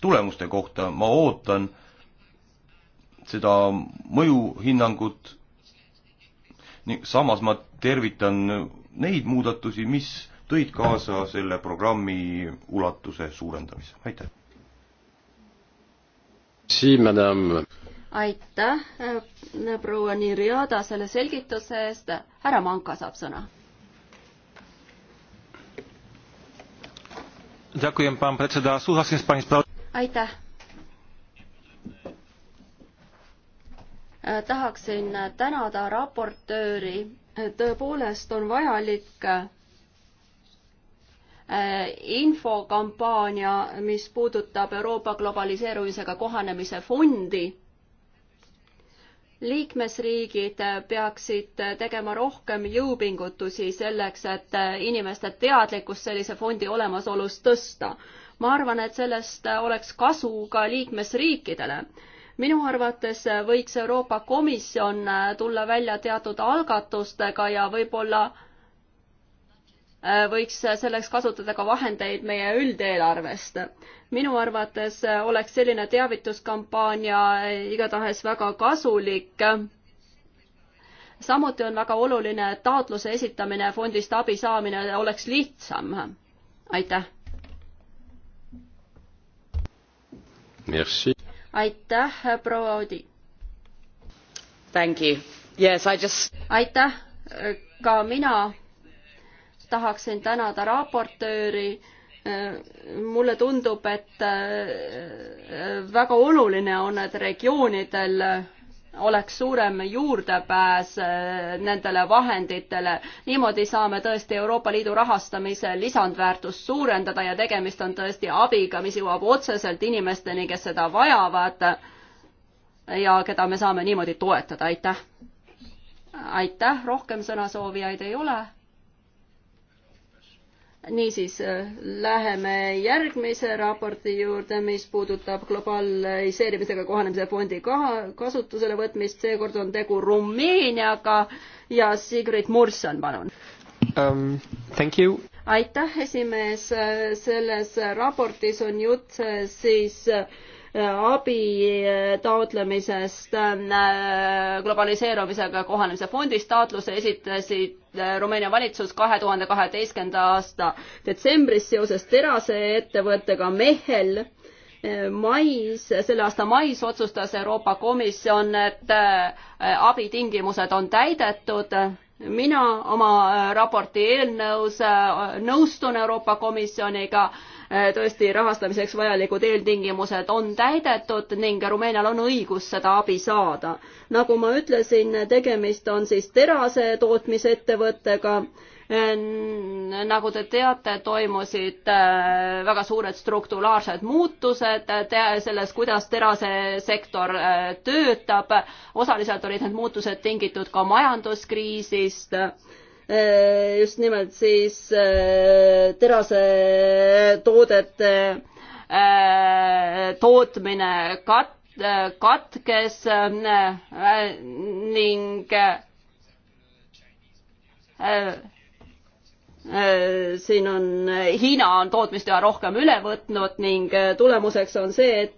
tulemuste kohta, ma ootan seda mõjuhinnangut ning samas ma tervitan neid muudatusi, mis tõid kaasa selle programmi ulatuse suurendamise, aitäh! aitäh, äh, proua Nirjada, selle selgituse eest. härra Manka saab sõna. aitäh. Äh, tahaksin tänada raportööri. tõepoolest on vajalik äh, Äh, infokampaania, mis puudutab Euroopa globaliseerumisega kohanemise fondi. liikmesriigid peaksid tegema rohkem jõupingutusi selleks, et inimeste teadlikkust sellise fondi olemasolust tõsta. ma arvan, et sellest oleks kasu ka liikmesriikidele minu arvates võiks Euroopa Komisjon tulla välja teatud algatustega ja võib-olla Äh, võiks selleks kasutada ka vahendeid meie üldeelarvest. minu arvates oleks selline teavituskampaania igatahes väga kasulik. samuti on väga oluline, et taotluse esitamine fondist abi saamine oleks lihtsam. aitäh. aitäh, proua Audi. Yes, just... aitäh, ka mina tahaksin tänada raportööri. mulle tundub, et äh, väga oluline on, et regioonidel oleks suurem juurdepääs äh, nendele vahenditele. niimoodi saame tõesti Euroopa Liidu rahastamise lisandväärtust suurendada ja tegemist on tõesti abiga, mis jõuab otseselt inimesteni, kes seda vajavad ja keda me saame niimoodi toetada, aitäh. aitäh, rohkem sõnasoovijaid ei ole niisiis, äh, läheme järgmise raporti juurde, mis puudutab globaliseerimisega kohanemise fondi kaha, kasutusele võtmist, seekord on tegu Rumeeniaga ja Sigrid Murson, palun um,. Thank you. aitäh, esimees, selles raportis on jutt siis äh, abi äh, taotlemisest äh, globaliseerumisega kohanemise fondist. taotluse esitasid äh, Rumeenia valitsus kahe tuhande kaheteistkümnenda aasta detsembris seoses terase ettevõttega Mehel mais, selle aasta mais otsustas Euroopa Komisjon, et abitingimused on täidetud. mina oma raporti eelnõus nõustun Euroopa Komisjoniga Äh, tõesti rahastamiseks vajalikud eeltingimused on täidetud ning Rumeenial on õigus seda abi saada. nagu ma ütlesin, tegemist on siis terase tootmisettevõttega. Äh, nagu te teate, toimusid äh, väga suured strukturaalsed muutused selles, kuidas terasesektor töötab. osaliselt olid need muutused tingitud ka majanduskriisist Eh, just nimelt siis eh, terasetoodete eh, tootmine kat-, katkes ning siin on, Hiina on tootmist üha rohkem üle võtnud ning tulemuseks on see, et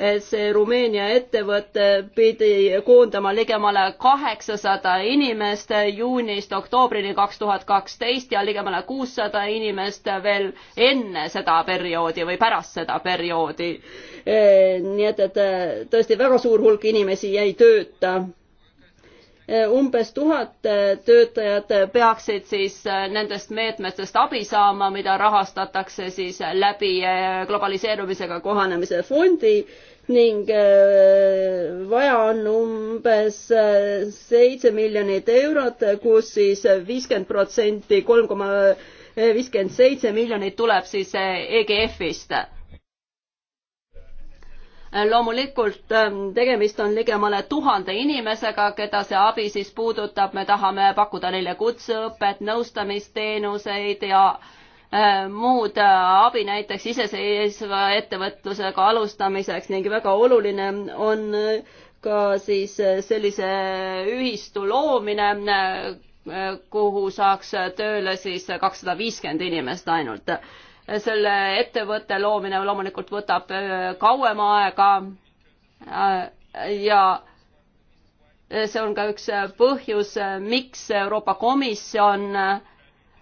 see Rumeenia ettevõte pidi koondama ligemale kaheksasada inimest juunist oktoobrini kaks tuhat kaksteist ja ligemale kuussada inimest veel enne seda perioodi või pärast seda perioodi. Eh, nii et, et eh, tõesti väga suur hulk inimesi jäi tööta Eh, umbes tuhat eh, töötajat eh, peaksid siis nendest meetmetest abi saama, mida rahastatakse siis läbi globaliseerumisega kohanemise fondi ning vaja on umbes seitse miljonit eurot, kus siis viiskümmend protsenti, kolm koma viiskümmend seitse miljonit tuleb siis EGF-ist e Äh, loomulikult ähm, tegemist on ligemale tuhande inimesega, keda see abi siis puudutab, me tahame pakkuda neile kutseõpet, nõustamisteenuseid ja äh, muud äh, abi näiteks iseseisva ettevõtlusega alustamiseks ning väga oluline on ka siis sellise ühistu loomine, kuhu saaks tööle siis kakssada viiskümmend inimest ainult selle ettevõtte loomine loomulikult võtab äh, kauem aega äh, ja see on ka üks põhjus, äh, miks Euroopa Komisjon äh,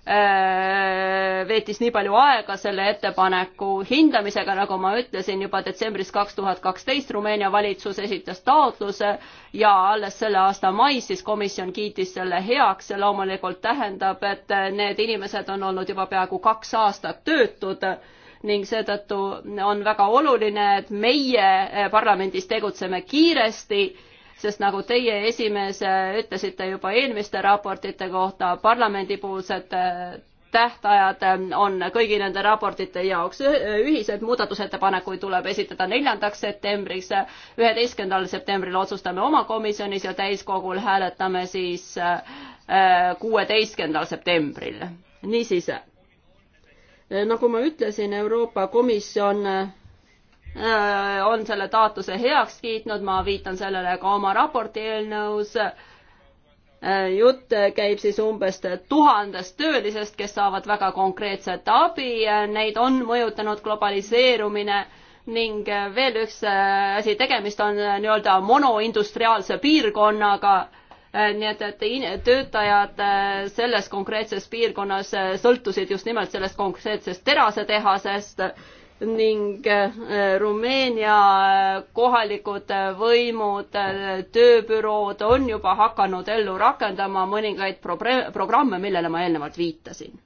Äh, veetis nii palju aega selle ettepaneku hindamisega, nagu ma ütlesin, juba detsembris kaks tuhat kaksteist Rumeenia valitsus esitas taotluse ja alles selle aasta mais siis komisjon kiitis selle heaks. see loomulikult tähendab, et need inimesed on olnud juba peaaegu kaks aastat töötud ning seetõttu on väga oluline, et meie parlamendis tegutseme kiiresti sest nagu teie esimees ütlesite juba eelmiste raportite kohta, parlamendipoolsed äh, tähtajad äh, on kõigi nende raportite jaoks ühised, muudatusettepanekuid tuleb esitada neljandaks septembriks, üheteistkümnendal septembril otsustame oma komisjonis ja täiskogul hääletame siis äh, kuueteistkümnendal septembril. niisiis, nagu ma ütlesin, Euroopa Komisjon Äh, on selle taotluse heaks kiitnud, ma viitan sellele ka oma raporti eelnõus. Äh, jutt käib siis umbes tuhandest töölisest, kes saavad väga konkreetset abi, äh, neid on mõjutanud globaliseerumine ning veel üks asi, tegemist on nii-öelda monoindustriaalse piirkonnaga nii et, et töötajad selles konkreetses piirkonnas sõltusid just nimelt sellest konkreetsest terasetehasest ning äh, Rumeenia äh, kohalikud äh, võimud, tööbürood on juba hakanud ellu rakendama mõningaid programme, millele ma eelnevalt viitasin.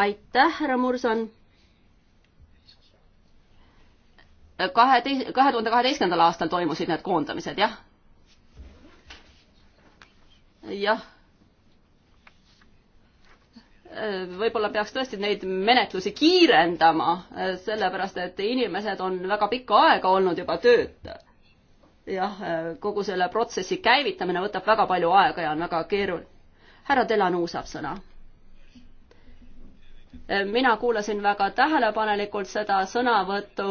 aitäh, härra Murson. kahe, kahe tuhande kaheteistkümnendal aastal toimusid need koondamised, jah? jah võib-olla peaks tõesti neid menetlusi kiirendama, sellepärast et inimesed on väga pikka aega olnud juba tööta. jah, kogu selle protsessi käivitamine võtab väga palju aega ja on väga keeruline. härra Delanuu saab sõna. mina kuulasin väga tähelepanelikult seda sõnavõttu.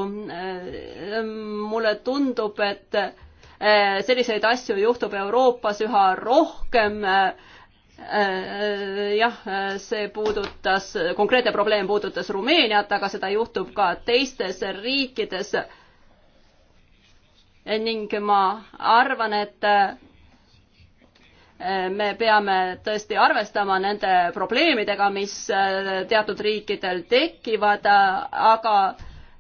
mulle tundub, et selliseid asju juhtub Euroopas üha rohkem Äh, äh, jah, see puudutas, konkreetne probleem puudutas Rumeeniat, aga seda juhtub ka teistes riikides. ning ma arvan, et äh, me peame tõesti arvestama nende probleemidega, mis teatud riikidel tekivad, aga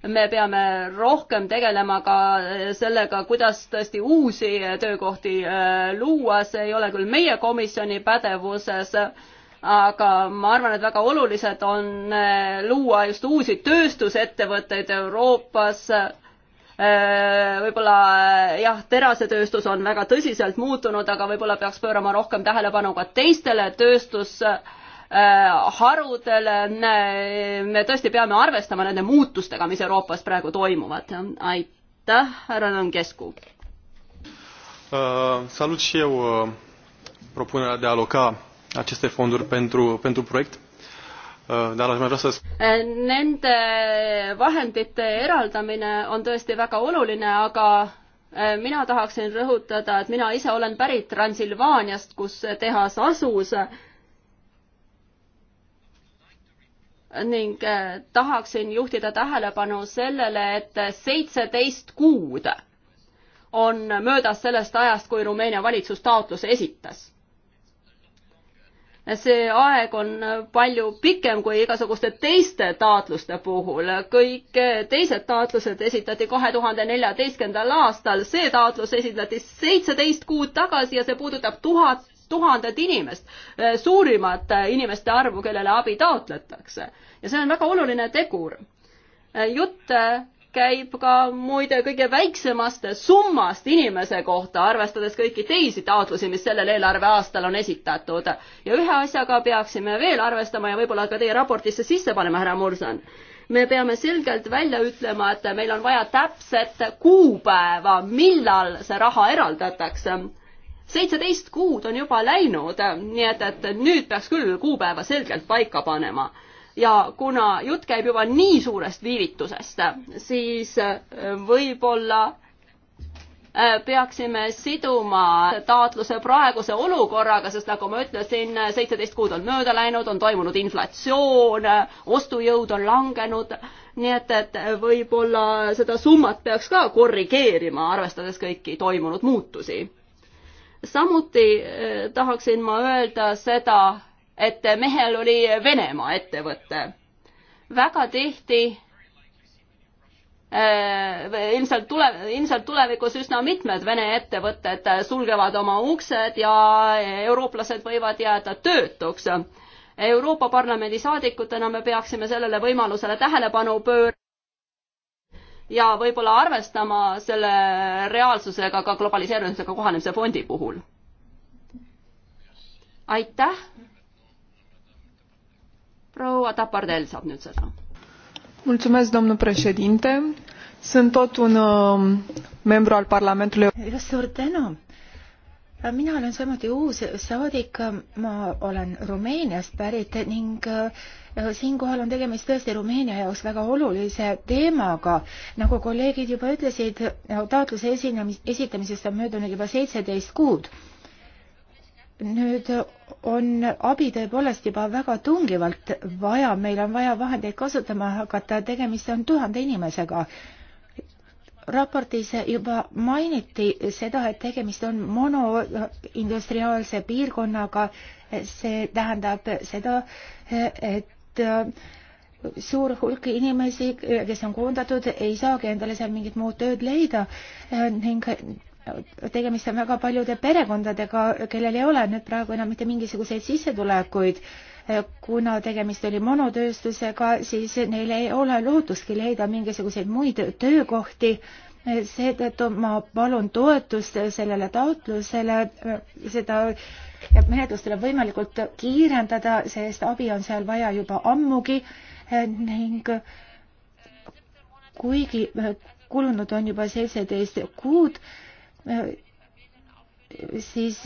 me peame rohkem tegelema ka eh, sellega, kuidas tõesti uusi eh, töökohti eh, luua, see ei ole küll meie komisjoni pädevuses, aga ma arvan, et väga olulised on luua just uusi tööstusettevõtteid Euroopas võib-olla jah, terasetööstus on väga tõsiselt muutunud, aga võib-olla peaks pöörama rohkem tähelepanu ka teistele tööstus- äh, Äh, harudele, me tõesti peame arvestama nende muutustega, mis Euroopas praegu toimuvad. aitäh, härra Nõnkesku uh,! Äh, salut și eu uh, propunerea de a aloca aceste fonduri pentru, pentru proiect dar aș mai vrea să Nende vahendite eraldamine on tõesti väga oluline, aga mina tahaksin rõhutada, et mina ise olen pärit Transilvaaniast, kus tehas asus ning äh, tahaksin juhtida tähelepanu sellele, et seitseteist kuud on möödas sellest ajast, kui Rumeenia valitsus taotluse esitas. see aeg on palju pikem kui igasuguste teiste taotluste puhul. kõik teised taotlused esitati kahe tuhande neljateistkümnendal aastal, see taotlus esitati seitseteist kuud tagasi ja see puudutab tuhat tuhandet inimest, eh, suurimat eh, inimeste arvu, kellele abi taotletakse. ja see on väga oluline tegur. Eh, jutt käib ka muide kõige väiksemast summast inimese kohta, arvestades kõiki teisi taotlusi, mis sellel eelarveaastal on esitatud. ja ühe asjaga peaksime veel arvestama ja võib-olla ka teie raportisse sisse panema, härra Murson. me peame selgelt välja ütlema, et meil on vaja täpset kuupäeva, millal see raha eraldatakse seitseteist kuud on juba läinud, nii et, et nüüd peaks küll kuupäeva selgelt paika panema. ja kuna jutt käib juba nii suurest viivitusest, siis äh, võib-olla äh, peaksime siduma taotluse praeguse olukorraga, sest nagu ma ütlesin, seitseteist kuud on mööda läinud, on toimunud inflatsioon, ostujõud on langenud, nii et, et võib-olla seda summat peaks ka korrigeerima, arvestades kõiki toimunud muutusi samuti eh, tahaksin ma öelda seda, et mehel oli Venemaa ettevõte. väga tihti eh, ilmselt tule, ilmselt tulevikus üsna mitmed Vene ettevõtted sulgevad oma uksed ja eurooplased võivad jääda töötuks. Euroopa Parlamendi saadikutena me peaksime sellele võimalusele tähelepanu pöör-, ja võib-olla arvestama selle reaalsusega ka globaliseerumisega kohanemise fondi puhul. aitäh. proua Tapardel saab nüüd sõna. mulțumesc, domnul președinte. Sunt tot un uh, membru al Parlamentului. Suur tänu. Mina olen samuti uus saadik. Ma olen Rumeeniast pärit ning uh, siinkohal on tegemist tõesti Rumeenia jaoks väga olulise teemaga. nagu kolleegid juba ütlesid, taotluse esinemis, esitamisest on möödunud juba seitseteist kuud. nüüd on abi tõepoolest juba väga tungivalt vaja, meil on vaja vahendeid kasutama hakata, tegemist on tuhande inimesega raportis juba mainiti seda, et tegemist on monoindustriaalse piirkonnaga. see tähendab seda, et et äh, suur hulk inimesi, kes on koondatud, ei saagi endale seal mingit muud tööd leida äh, ning äh, tegemist on väga paljude perekondadega, kellel ei ole nüüd praegu enam mitte mingisuguseid sissetulekuid. kuna tegemist oli monotööstusega, siis neil ei ole lootustki leida mingisuguseid muid töökohti. seetõttu ma palun toetust sellele taotlusele, seda menetlust tuleb võimalikult kiirendada, sest abi on seal vaja juba ammugi ning kuigi kulunud on juba seitseteist kuud, siis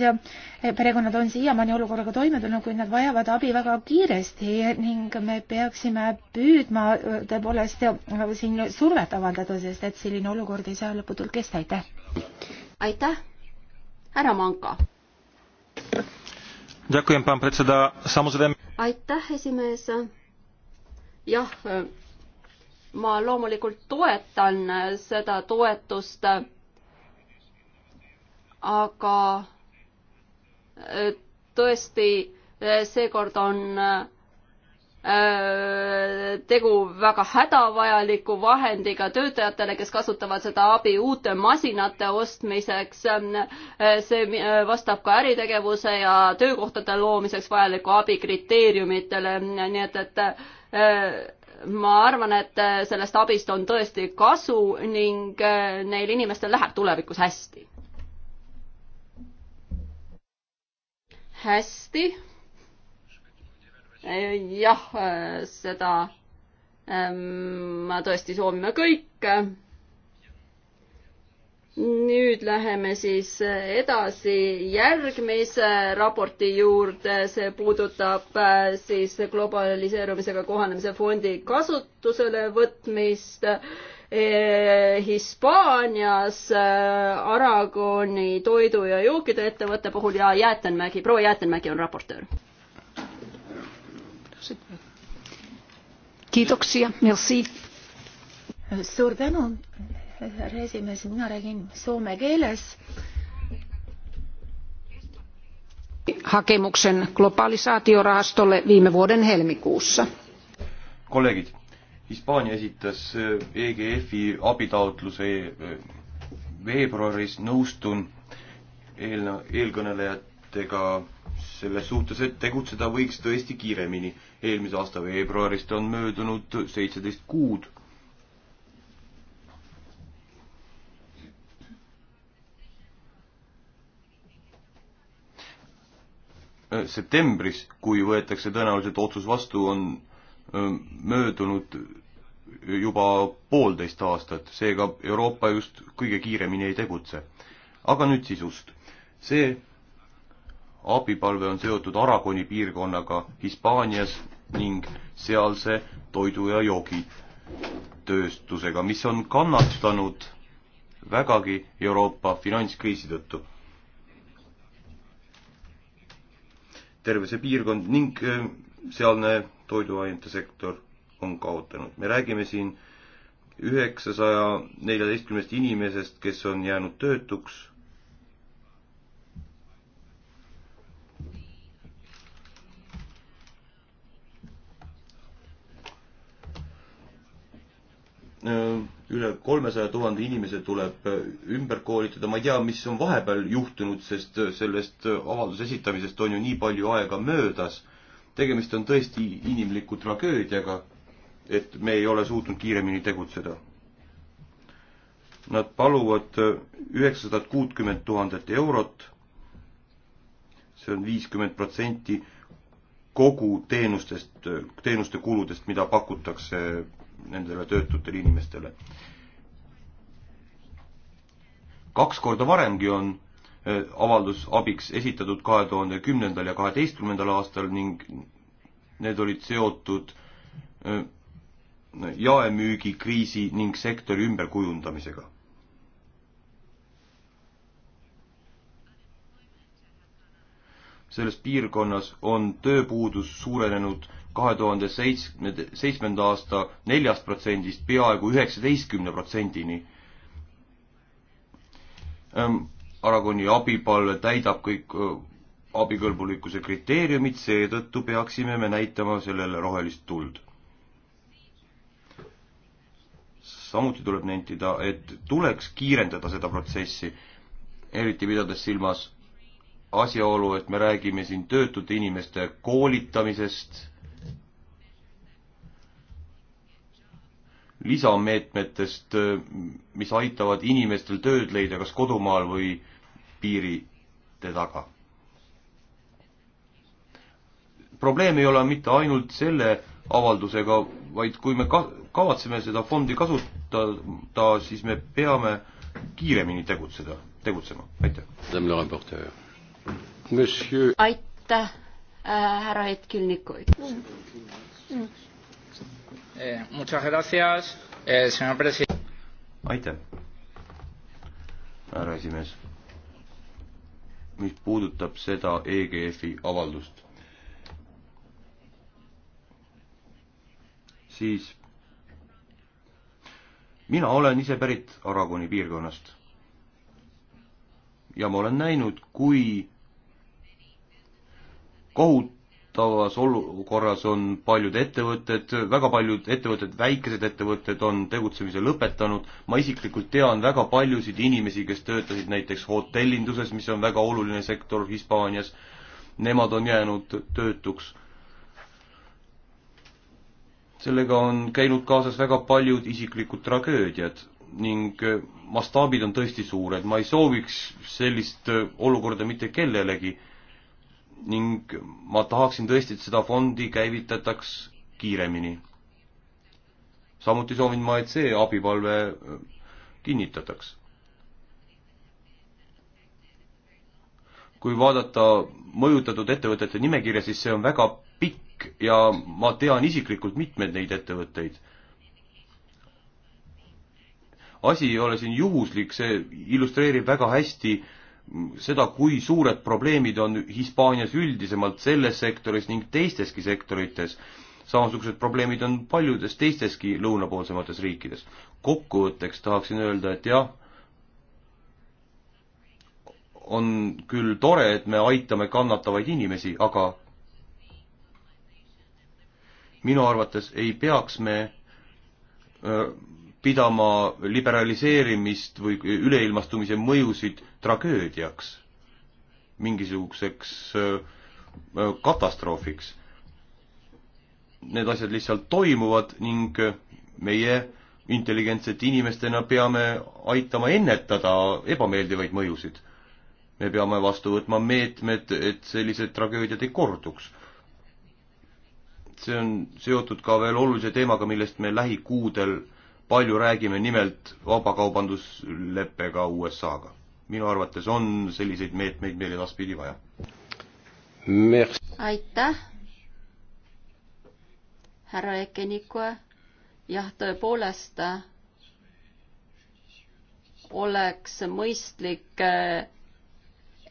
perekonnad on siiamaani olukorraga toime tulnud, kuid nad vajavad abi väga kiiresti ning me peaksime püüdma tõepoolest siin survet avaldada, sest et selline olukord ei saa lõputult kesta, aitäh! aitäh, härra Manka! aitäh, esimees. jah, ma loomulikult toetan seda toetust, aga äh, tõesti, seekord on Äh, tegu väga hädavajaliku vahendiga töötajatele, kes kasutavad seda abi uute masinate ostmiseks. Äh, see äh, vastab ka äritegevuse ja töökohtade loomiseks vajaliku abi kriteeriumitele, nii et, et ma arvan, et sellest abist on tõesti kasu ning neil inimestel läheb tulevikus hästi. hästi jah, seda ähm, ma tõesti soovime kõik. nüüd läheme siis edasi järgmise raporti juurde, see puudutab äh, siis globaliseerumisega kohanemise fondi kasutusele võtmist äh, Hispaanias äh, Aragoni toidu ja jookide ettevõtte puhul ja Jäätenmägi, proua Jäätenmägi on raportöör kiitoksia, merci. suur tänu, härra esimees, mina räägin soome keeles. hakemuksen globalisaatiorahastolle viime vuoden helmikuussa. kolleegid, Hispaania esitas EGF-i eh, e abitaotluse eh, veebruaris, nõustun eelkõnelejatega selles suhtes, et tegutseda võiks tõesti kiiremini. eelmise aasta veebruarist on möödunud seitseteist kuud. septembris, kui võetakse tõenäoliselt otsus vastu, on möödunud juba poolteist aastat, seega Euroopa just kõige kiiremini ei tegutse. aga nüüd sisust. see abipalve on seotud Aragoni piirkonnaga Hispaanias ning sealse toidu ja joogi tööstusega, mis on kannatanud vägagi Euroopa finantskriisi tõttu. terve see piirkond ning äh, sealne toiduainetesektor on kaotanud. me räägime siin üheksasaja neljateistkümnest inimesest, kes on jäänud töötuks Äh, üle kolmesaja tuhande inimese tuleb äh, ümber koolitada, ma ei tea, mis on vahepeal juhtunud, sest äh, sellest avalduse esitamisest on ju nii palju aega möödas. tegemist on tõesti inimliku tragöödiaga, et me ei ole suutnud kiiremini tegutseda. Nad paluvad üheksasadat kuutkümmet tuhandet eurot, see on viiskümmend protsenti kogu teenustest, teenuste kuludest, mida pakutakse nendele töötutele inimestele. kaks korda varemgi on äh, avaldus abiks esitatud kahe tuhande kümnendal ja kaheteistkümnendal aastal ning need olid seotud äh, jaemüügikriisi ning sektori ümberkujundamisega. selles piirkonnas on tööpuudus suurenenud kahe tuhande seitsme, seitsmenda aasta neljast protsendist peaaegu üheksateistkümne protsendini. Ehm, Aragoni abipalve täidab kõik abikõlbulikkuse kriteeriumid, seetõttu peaksime me näitama sellele rohelist tuld. samuti tuleb nentida, et tuleks kiirendada seda protsessi, eriti pidades silmas asjaolu, et me räägime siin töötute inimeste koolitamisest lisameetmetest, mis aitavad inimestel tööd leida kas kodumaal või piiride taga. probleem ei ole mitte ainult selle avaldusega, vaid kui me ka-, kavatseme seda fondi kasutada, siis me peame kiiremini tegutseda, tegutsema, aitäh. aitäh, äh, härra Ed Külnikuid mm.. Mm Eh, muchas gracias, eh, señor president. aitäh, härra esimees. mis puudutab seda EGF-i avaldust, siis mina olen ise pärit Aragoni piirkonnast. ja ma olen näinud, kui kohut-, kohutavas olukorras on paljud ettevõtted, väga paljud ettevõtted, väikesed ettevõtted on tegutsemise lõpetanud, ma isiklikult tean väga paljusid inimesi, kes töötasid näiteks hotellinduses, mis on väga oluline sektor Hispaanias, nemad on jäänud töötuks. sellega on käinud kaasas väga paljud isiklikud tragöödiad ning eh, mastaabid on tõesti suured, ma ei sooviks sellist eh, olukorda mitte kellelegi ning ma tahaksin tõesti, et seda fondi käivitataks kiiremini. samuti soovin ma, et see abipalve äh, kinnitataks. kui vaadata mõjutatud ettevõtete nimekirja, siis see on väga pikk ja ma tean isiklikult mitmeid neid ettevõtteid asi ei ole siin juhuslik, see illustreerib väga hästi seda, kui suured probleemid on Hispaanias üldisemalt selles sektoris ning teisteski sektorites. samasugused probleemid on paljudes teisteski lõunapoolsemates riikides. kokkuvõtteks tahaksin öelda, et jah, on küll tore, et me aitame kannatavaid inimesi, aga minu arvates ei peaks me pidama liberaliseerimist või üleilmastumise mõjusid tragöödiaks, mingisuguseks äh, katastroofiks. Need asjad lihtsalt toimuvad ning meie intelligentsete inimestena peame aitama ennetada ebameeldivaid mõjusid. me peame vastu võtma meetmed, et sellised tragöödiad ei korduks see on seotud ka veel olulise teemaga, millest me lähikuudel palju räägime nimelt vabakaubandusleppega USA-ga. minu arvates on selliseid meetmeid meil edaspidi vaja. aitäh, härra Ekenikoe. jah, tõepoolest oleks mõistlik eh,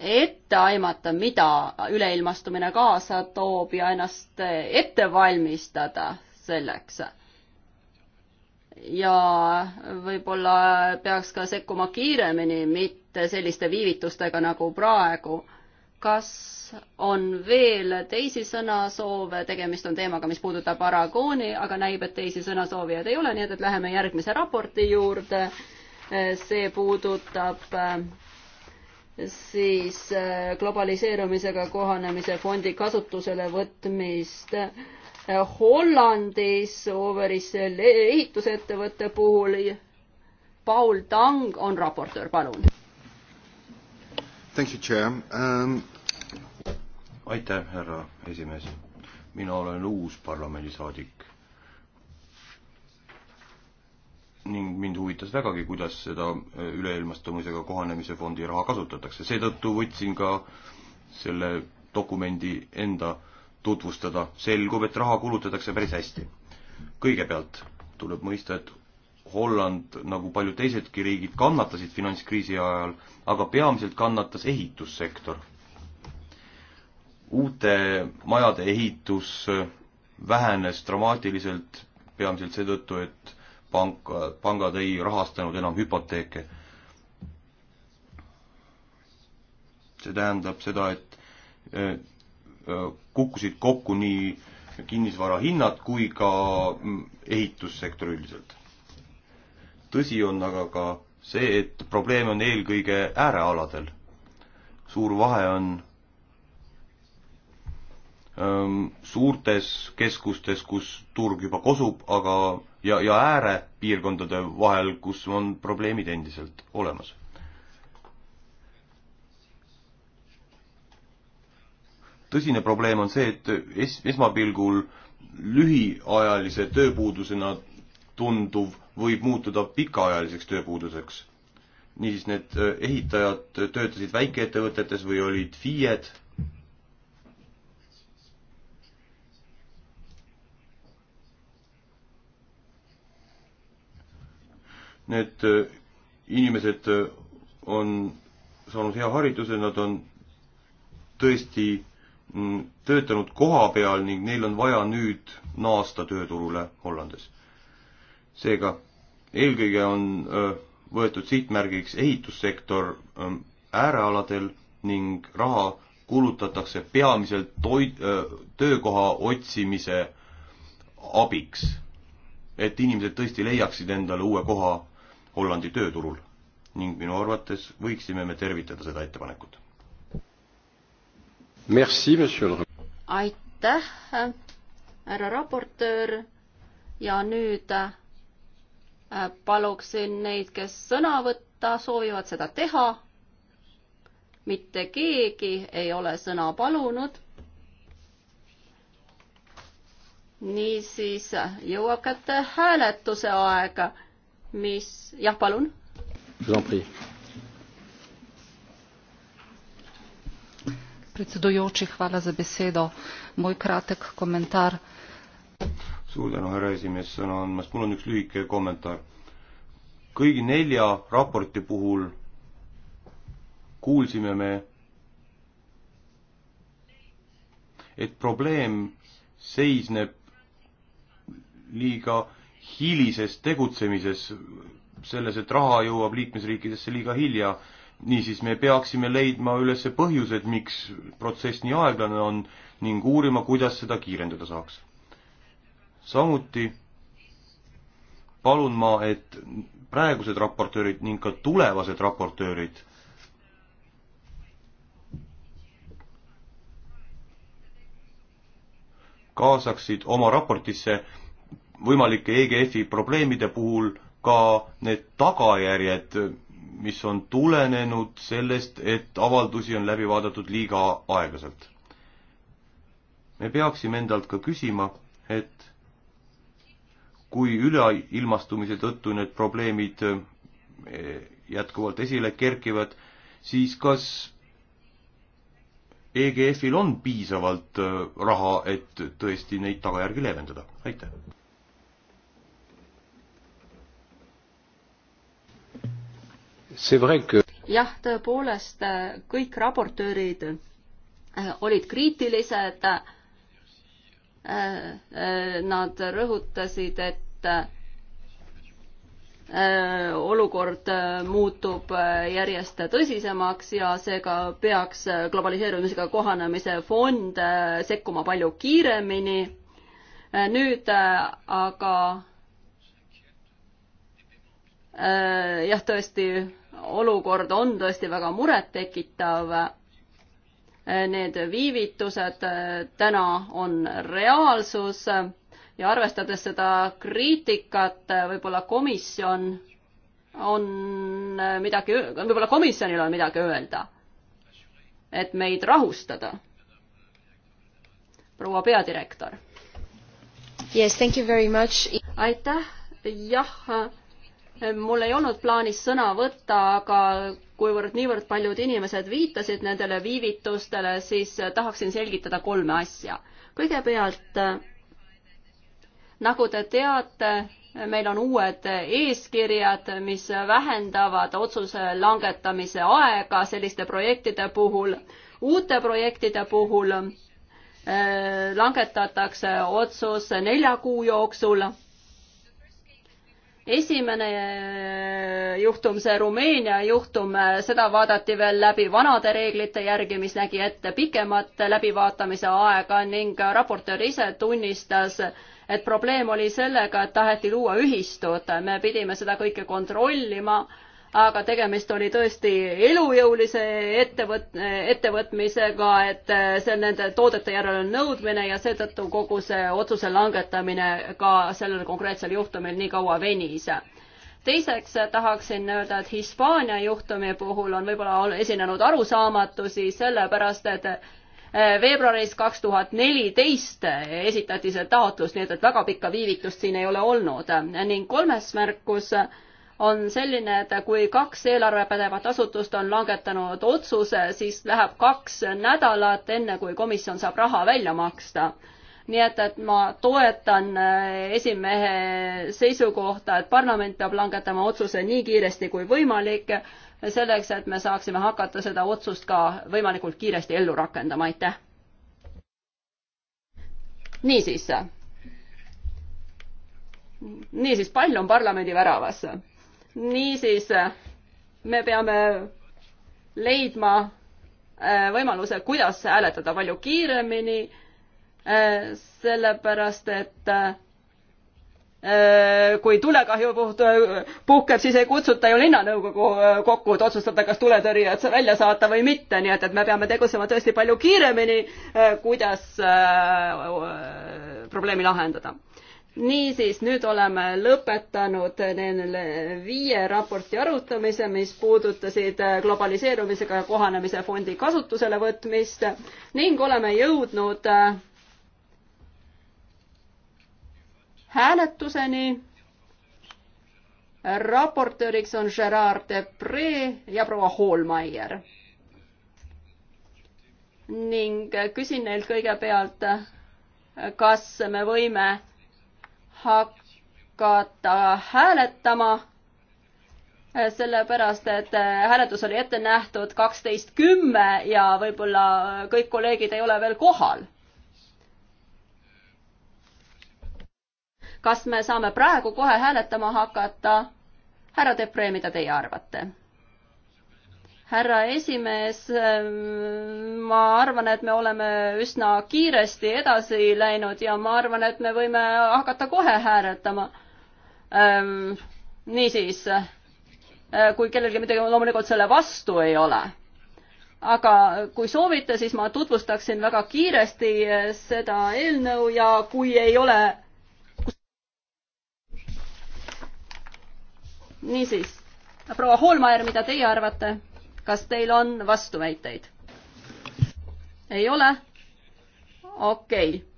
ette aimata, mida üleilmastumine kaasa toob ja ennast ette valmistada selleks ja võib-olla peaks ka sekkuma kiiremini, mitte selliste viivitustega nagu praegu. kas on veel teisi sõnasoove, tegemist on teemaga, mis puudutab Aragooni, aga näib, et teisi sõnasoovijaid ei ole, nii et, et läheme järgmise raporti juurde. see puudutab äh, siis äh, globaliseerumisega kohanemise fondi kasutusele võtmist Hollandis Overis ehitusettevõtte puhul. Paul Tang on raportöör, palun. Um... aitäh, härra esimees. mina olen uus parlamendisaadik ning mind huvitas vägagi, kuidas seda üleilmastumisega kohanemise fondi raha kasutatakse, seetõttu võtsin ka selle dokumendi enda tutvustada. selgub, et raha kulutatakse päris hästi. kõigepealt tuleb mõista, et Holland, nagu paljud teisedki riigid, kannatasid finantskriisi ajal, aga peamiselt kannatas ehitussektor. uute majade ehitus vähenes dramaatiliselt, peamiselt seetõttu, et pank, pangad ei rahastanud enam hüpoteeke. see tähendab seda, et äh, kukkusid kokku nii kinnisvara hinnad kui ka mm, ehitussektor üldiselt. tõsi on aga ka see, et probleem on eelkõige äärealadel. suur vahe on mm, suurtes keskustes, kus turg juba kosub, aga ja, ja äärepiirkondade vahel, kus on probleemid endiselt olemas. tõsine probleem on see, et es-, esmapilgul lühiajalise tööpuudusena tunduv võib muutuda pikaajaliseks tööpuuduseks. niisiis, need äh, ehitajad töötasid väikeettevõtetes või olid FIE-d, need äh, inimesed äh, on saanud hea hariduse, nad on tõesti Mm, töötanud koha peal ning neil on vaja nüüd naasta tööturule Hollandis. seega eelkõige on võetud sihtmärgiks ehitussektor äärealadel ning raha kulutatakse peamiselt toit, töökoha otsimise abiks, et inimesed tõesti leiaksid endale uue koha Hollandi tööturul ning minu arvates võiksime me tervitada seda ettepanekut aitäh, härra raportöör ja nüüd äh, paluksin neid, kes sõna võtta soovivad, seda teha. mitte keegi ei ole sõna palunud. niisiis jõuab kätte hääletuse aeg, mis, jah, palun. Predsedujoči, hvala za besedo. Moj kratek komentar. suur tänu, härra esimees, sõna andmast. mul on üks lühike kommentaar. kõigi nelja raporti puhul kuulsime me, et probleem seisneb liiga hilises tegutsemises, selles, et raha jõuab liikmesriikidesse liiga hilja niisiis, me peaksime leidma üles põhjused, miks protsess nii aeglane on ning uurima, kuidas seda kiirendada saaks. samuti palun ma, et praegused raportöörid ning ka tulevased raportöörid kaasaksid oma raportisse võimalike EGF-i probleemide puhul ka need tagajärjed, mis on tulenenud sellest, et avaldusi on läbi vaadatud liiga aeglaselt. me peaksime endalt ka küsima, et kui üleilmastumise tõttu need probleemid eh, jätkuvalt esile kerkivad, siis kas EGF-il on piisavalt eh, raha, et tõesti neid tagajärgi leevendada? aitäh! jah, tõepoolest kõik raportöörid äh, olid kriitilised. Äh, äh, nad rõhutasid, et olukord muutub järjest tõsisemaks ja seega peaks globaliseerumisega kohanemise fond sekkuma palju kiiremini. nüüd aga jah, tõesti olukord on tõesti väga murettekitav. Need viivitused äh, täna on reaalsus ja arvestades seda kriitikat, äh, võib-olla komisjon on äh, midagi, võib-olla komisjonil on midagi öelda, et meid rahustada. proua peadirektor. Yes, thank you very much. aitäh, jah mul ei olnud plaanis sõna võtta, aga kuivõrd niivõrd paljud inimesed viitasid nendele viivitustele, siis tahaksin selgitada kolme asja. kõigepealt, nagu te teate, meil on uued eeskirjad, mis vähendavad otsuse langetamise aega selliste projektide puhul. uute projektide puhul äh, langetatakse otsus nelja kuu jooksul esimene eh, juhtum, see Rumeenia juhtum, eh, seda vaadati veel läbi vanade reeglite järgi, mis nägi ette pikemat läbivaatamise aega ning raportöör ise tunnistas, et probleem oli sellega, et taheti luua ühistud, me pidime seda kõike kontrollima aga tegemist oli tõesti elujõulise ettevõt-, ettevõtmisega, et eh, see nende toodete järele on nõudmine ja seetõttu kogu see otsuse langetamine ka sellel konkreetsel juhtumil nii kaua venis teiseks tahaksin öelda, et Hispaania juhtumi puhul on võib-olla esinenud arusaamatusi, sellepärast et eh, veebruaris kaks tuhat neliteist esitati see taotlus, nii et, et väga pikka viivitust siin ei ole olnud ning kolmes märkus äh, on selline, et kui kaks eelarvepädevat asutust on langetanud otsuse, siis läheb kaks nädalat, enne kui komisjon saab raha välja maksta. nii et, et ma toetan eh, esimehe seisukohta, et parlament peab langetama otsuse nii kiiresti kui võimalik, selleks, et me saaksime hakata seda otsust ka võimalikult kiiresti ellu rakendama, aitäh. niisiis niisiis, pall on parlamendi väravas niisiis me peame leidma äh, võimaluse, kuidas hääletada palju kiiremini, äh, sellepärast et äh, kui tulekahju puht-, puhkeb, siis ei kutsuta ju linnanõukogu kokku, et otsustada, kas tuletõrjujad välja saata või mitte, nii et, et me peame tegutsema tõesti palju kiiremini, kuidas probleemi lahendada niisiis, nüüd oleme lõpetanud nende viie raporti arutamise, mis puudutasid globaliseerumisega kohanemise fondi kasutusele võtmist ning oleme jõudnud äh, hääletuseni. raportööriks on Gerard Depree ja proua Hoolmeier. ning küsin neilt kõigepealt, kas me võime hakata hääletama, eh, sellepärast et eh, hääletus oli ette nähtud kaksteist kümme ja võib-olla kõik kolleegid ei ole veel kohal. kas me saame praegu kohe hääletama hakata? härra Depree, mida teie arvate? härra esimees, ehm, ma arvan, et me oleme üsna kiiresti edasi läinud ja ma arvan, et me võime hakata kohe hääletama. Ehm, niisiis, eh, kui kellelgi midagi loomulikult selle vastu ei ole aga kui soovite, siis ma tutvustaksin väga kiiresti eh, seda eelnõu ja kui ei ole. niisiis, proua Hoolmaier, mida teie arvate? kas teil on vastuväiteid? ei ole? okei okay..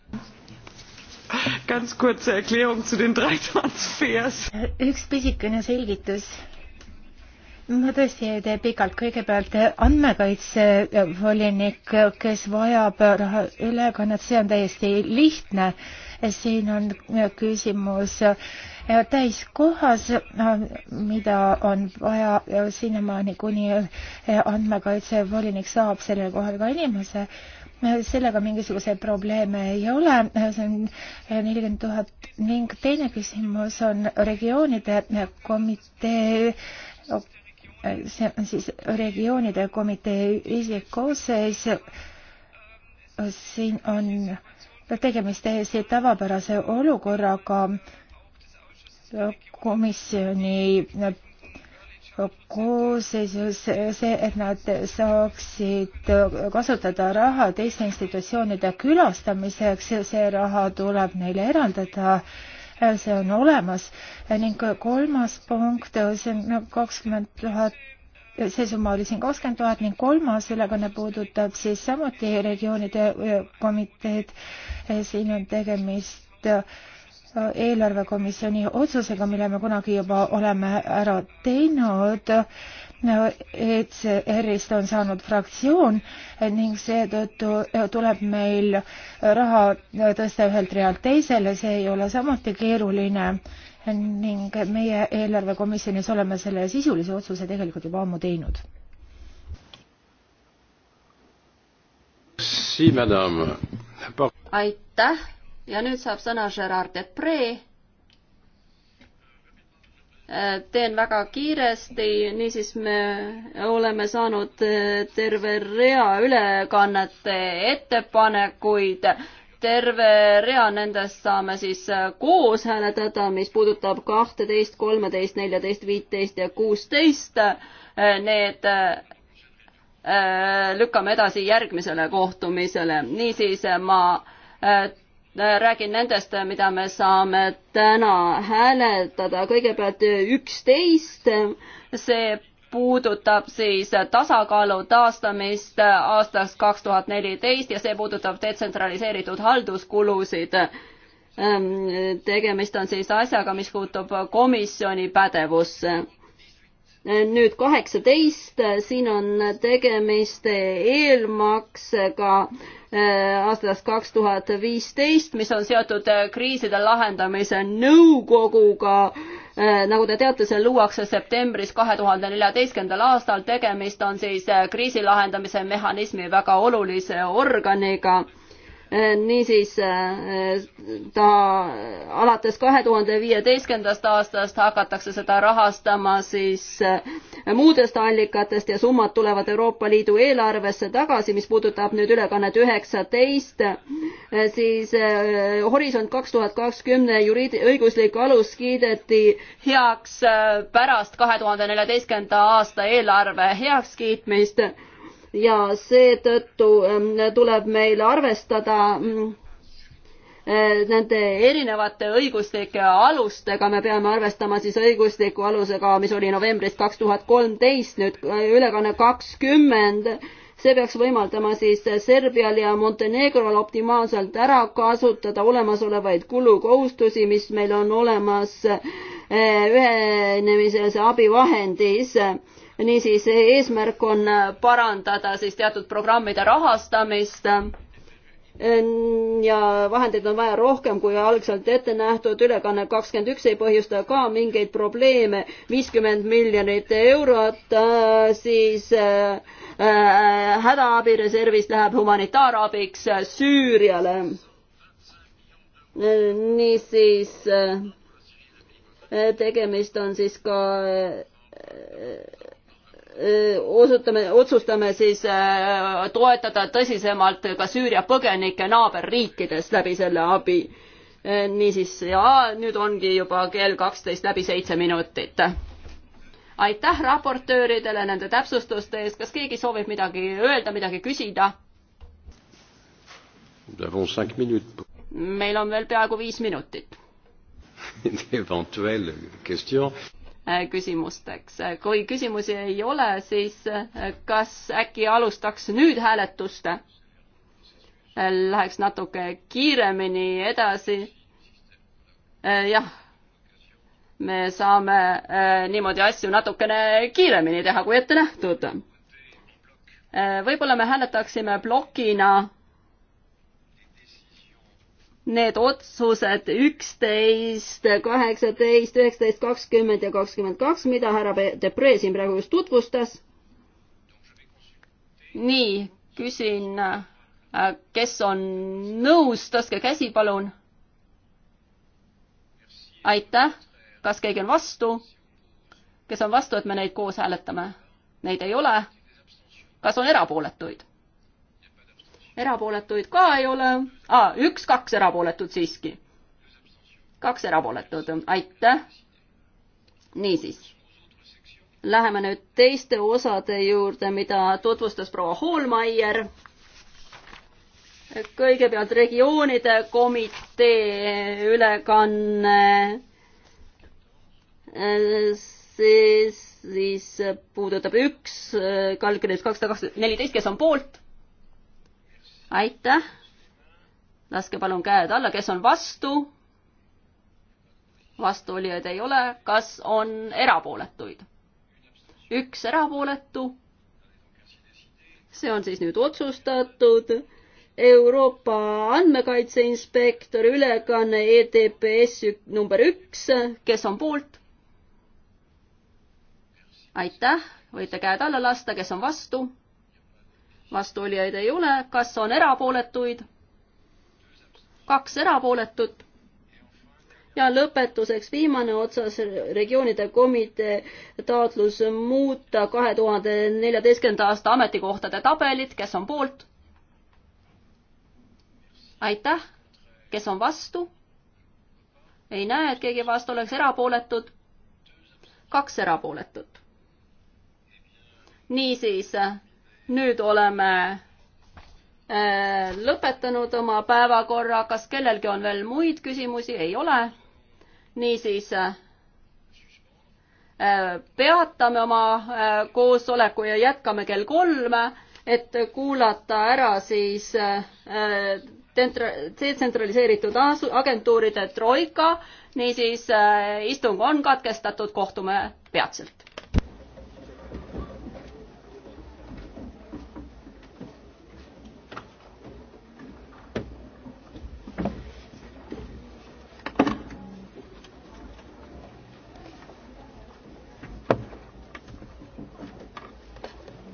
Ganz kurze Erklärung zu den drei Transfers. üks pisikene selgitus ma tõesti ei tee pikalt, kõigepealt andmekaitsevolinik, kes vajab raha ülekannet, see on täiesti lihtne. siin on küsimus äh, täiskohas, mida on vaja sinnamaani, kuni eh, andmekaitsevolinik saab sellel kohal ka inimese. sellega mingisuguseid probleeme ei ole, see on eh, nelikümmend tuhat ning teine küsimus on regioonide komitee see on siis regioonide komitee isik koosseis. siin on tegemist täiesti tavapärase olukorraga komisjoni koosseisus see, et nad saaksid kasutada raha teiste institutsioonide külastamiseks, see raha tuleb neile eraldada, see on olemas. ning kolmas punkt, see on kakskümmend tuhat see summa oli siin kakskümmend tuhat ning kolmas ülekanne puudutab siis samuti regioonide komiteed. siin on tegemist eelarvekomisjoni otsusega, mille me kunagi juba oleme ära teinud, ECR-ist on saanud fraktsioon ning seetõttu tuleb meil raha tõsta ühelt realt teisele, see ei ole samuti keeruline ning meie eelarvekomisjonis oleme selle sisulise otsuse tegelikult juba ammu teinud. aitäh ja nüüd saab sõna Gerard Depree. Äh, teen väga kiiresti, niisiis me oleme saanud äh, terve rea ülekannete ettepanekuid terve rea nendest saame siis äh, koos hääletada, mis puudutab kahteteist, kolmeteist, neljateist, viiteist ja kuusteist. Need lükkame edasi järgmisele kohtumisele. niisiis ma Äh, räägin nendest, äh, mida me saame täna hääletada. kõigepealt äh, üksteist, see puudutab siis tasakaalu taastamist aastast kaks tuhat neliteist ja see puudutab detsentraliseeritud halduskulusid. Ähm, tegemist on siis asjaga, mis puutub komisjoni pädevusse. nüüd kaheksateist, siin on tegemist eelmaksega Äh, aastast kaks tuhat viisteist, mis on seotud äh, kriiside lahendamise nõukoguga. Äh, nagu te teate, see luuakse septembris kahe tuhande neljateistkümnendal aastal, tegemist on siis kriisi lahendamise mehhanismi väga olulise organiga Äh, niisiis äh, ta alates kahe tuhande viieteistkümnendast aastast hakatakse seda rahastama siis äh, muudest allikatest ja summad tulevad Euroopa Liidu eelarvesse tagasi, mis puudutab nüüd ülekannet üheksateist, siis Horisont kaks tuhat kakskümmend juriid-, õiguslik alus kiideti heaks pärast kahe tuhande neljateistkümnenda aasta eelarve heakskiitmist ja seetõttu ähm, tuleb meil arvestada mm, äh, nende erinevate õiguslike alustega, me peame arvestama siis õigusliku alusega, mis oli novembris kaks tuhat kolmteist, nüüd äh, ülekanne kakskümmend, see peaks võimaldama siis Serbial ja Montenegrol optimaalselt ära kasutada olemasolevaid kulukohustusi, mis meil on olemas äh, ühenemises abivahendis niisiis eesmärk on parandada siis teatud programmide rahastamist ja vahendeid on vaja rohkem kui algselt ette nähtud, ülekanne kakskümmend üks ei põhjusta ka mingeid probleeme, viiskümmend miljonit eurot äh, siis äh, äh, hädaabireservist läheb humanitaarabiks Süüriale. niisiis tegemist on siis ka osutame, otsustame siis toetada tõsisemalt ka Süüria põgenikke naaberriikides läbi selle abi. niisiis, ja nüüd ongi juba kell kaksteist läbi seitse minutit. aitäh raportööridele nende täpsustuste eest, kas keegi soovib midagi öelda, midagi küsida? meil on veel peaaegu viis minutit Äh, küsimusteks. Äh, kui küsimusi ei ole, siis äh, kas äkki alustaks nüüd hääletust? Läheks natuke kiiremini edasi. jah, me saame niimoodi asju natukene kiiremini teha, kui ette nähtud. võib-olla me hääletaksime plokina need otsused üksteist, kaheksateist, üheksateist, kakskümmend ja kakskümmend kaks, mida härra Depree siin praegu just tutvustas. nii, küsin, äh, kes on nõus, tõstke käsi, palun. aitäh, kas keegi on vastu? kes on vastu, et me neid koos hääletame? Neid ei ole. kas on erapooletuid? erapooletuid ka ei ole ah,. üks-kaks erapooletut siiski. kaks erapooletut, aitäh. niisiis. Läheme nüüd teiste osade juurde, mida tutvustas proua Hoolmeier. kõigepealt regioonide komitee ülekanne siis, siis puudutab üks kalkülist kakssada kakskümmend neliteist, kes on poolt, aitäh. laske palun käed alla, kes on vastu? vastuolijaid ei ole, kas on erapooletuid? üks erapooletu. see on siis nüüd otsustatud. Euroopa andmekaitse inspektori ülekanne EDPS number üks, kes on poolt? aitäh, võite käed alla lasta, kes on vastu? vastuolijaid ei ole, kas on erapooletuid? kaks erapooletut. ja lõpetuseks viimane otsas regioonide komitee taotlus muuta kahe tuhande neljateistkümnenda aasta ametikohtade tabelit, kes on poolt? aitäh, kes on vastu? ei näe, et keegi vastu oleks erapooletud. kaks erapooletut. niisiis nüüd oleme äh, lõpetanud oma päevakorra, kas kellelgi on veel muid küsimusi, ei ole. niisiis äh, peatame oma äh, koosoleku ja jätkame kell kolm, et kuulata ära siis detsentraliseeritud agentuuride troika, niisiis istung on katkestatud, kohtume peatselt.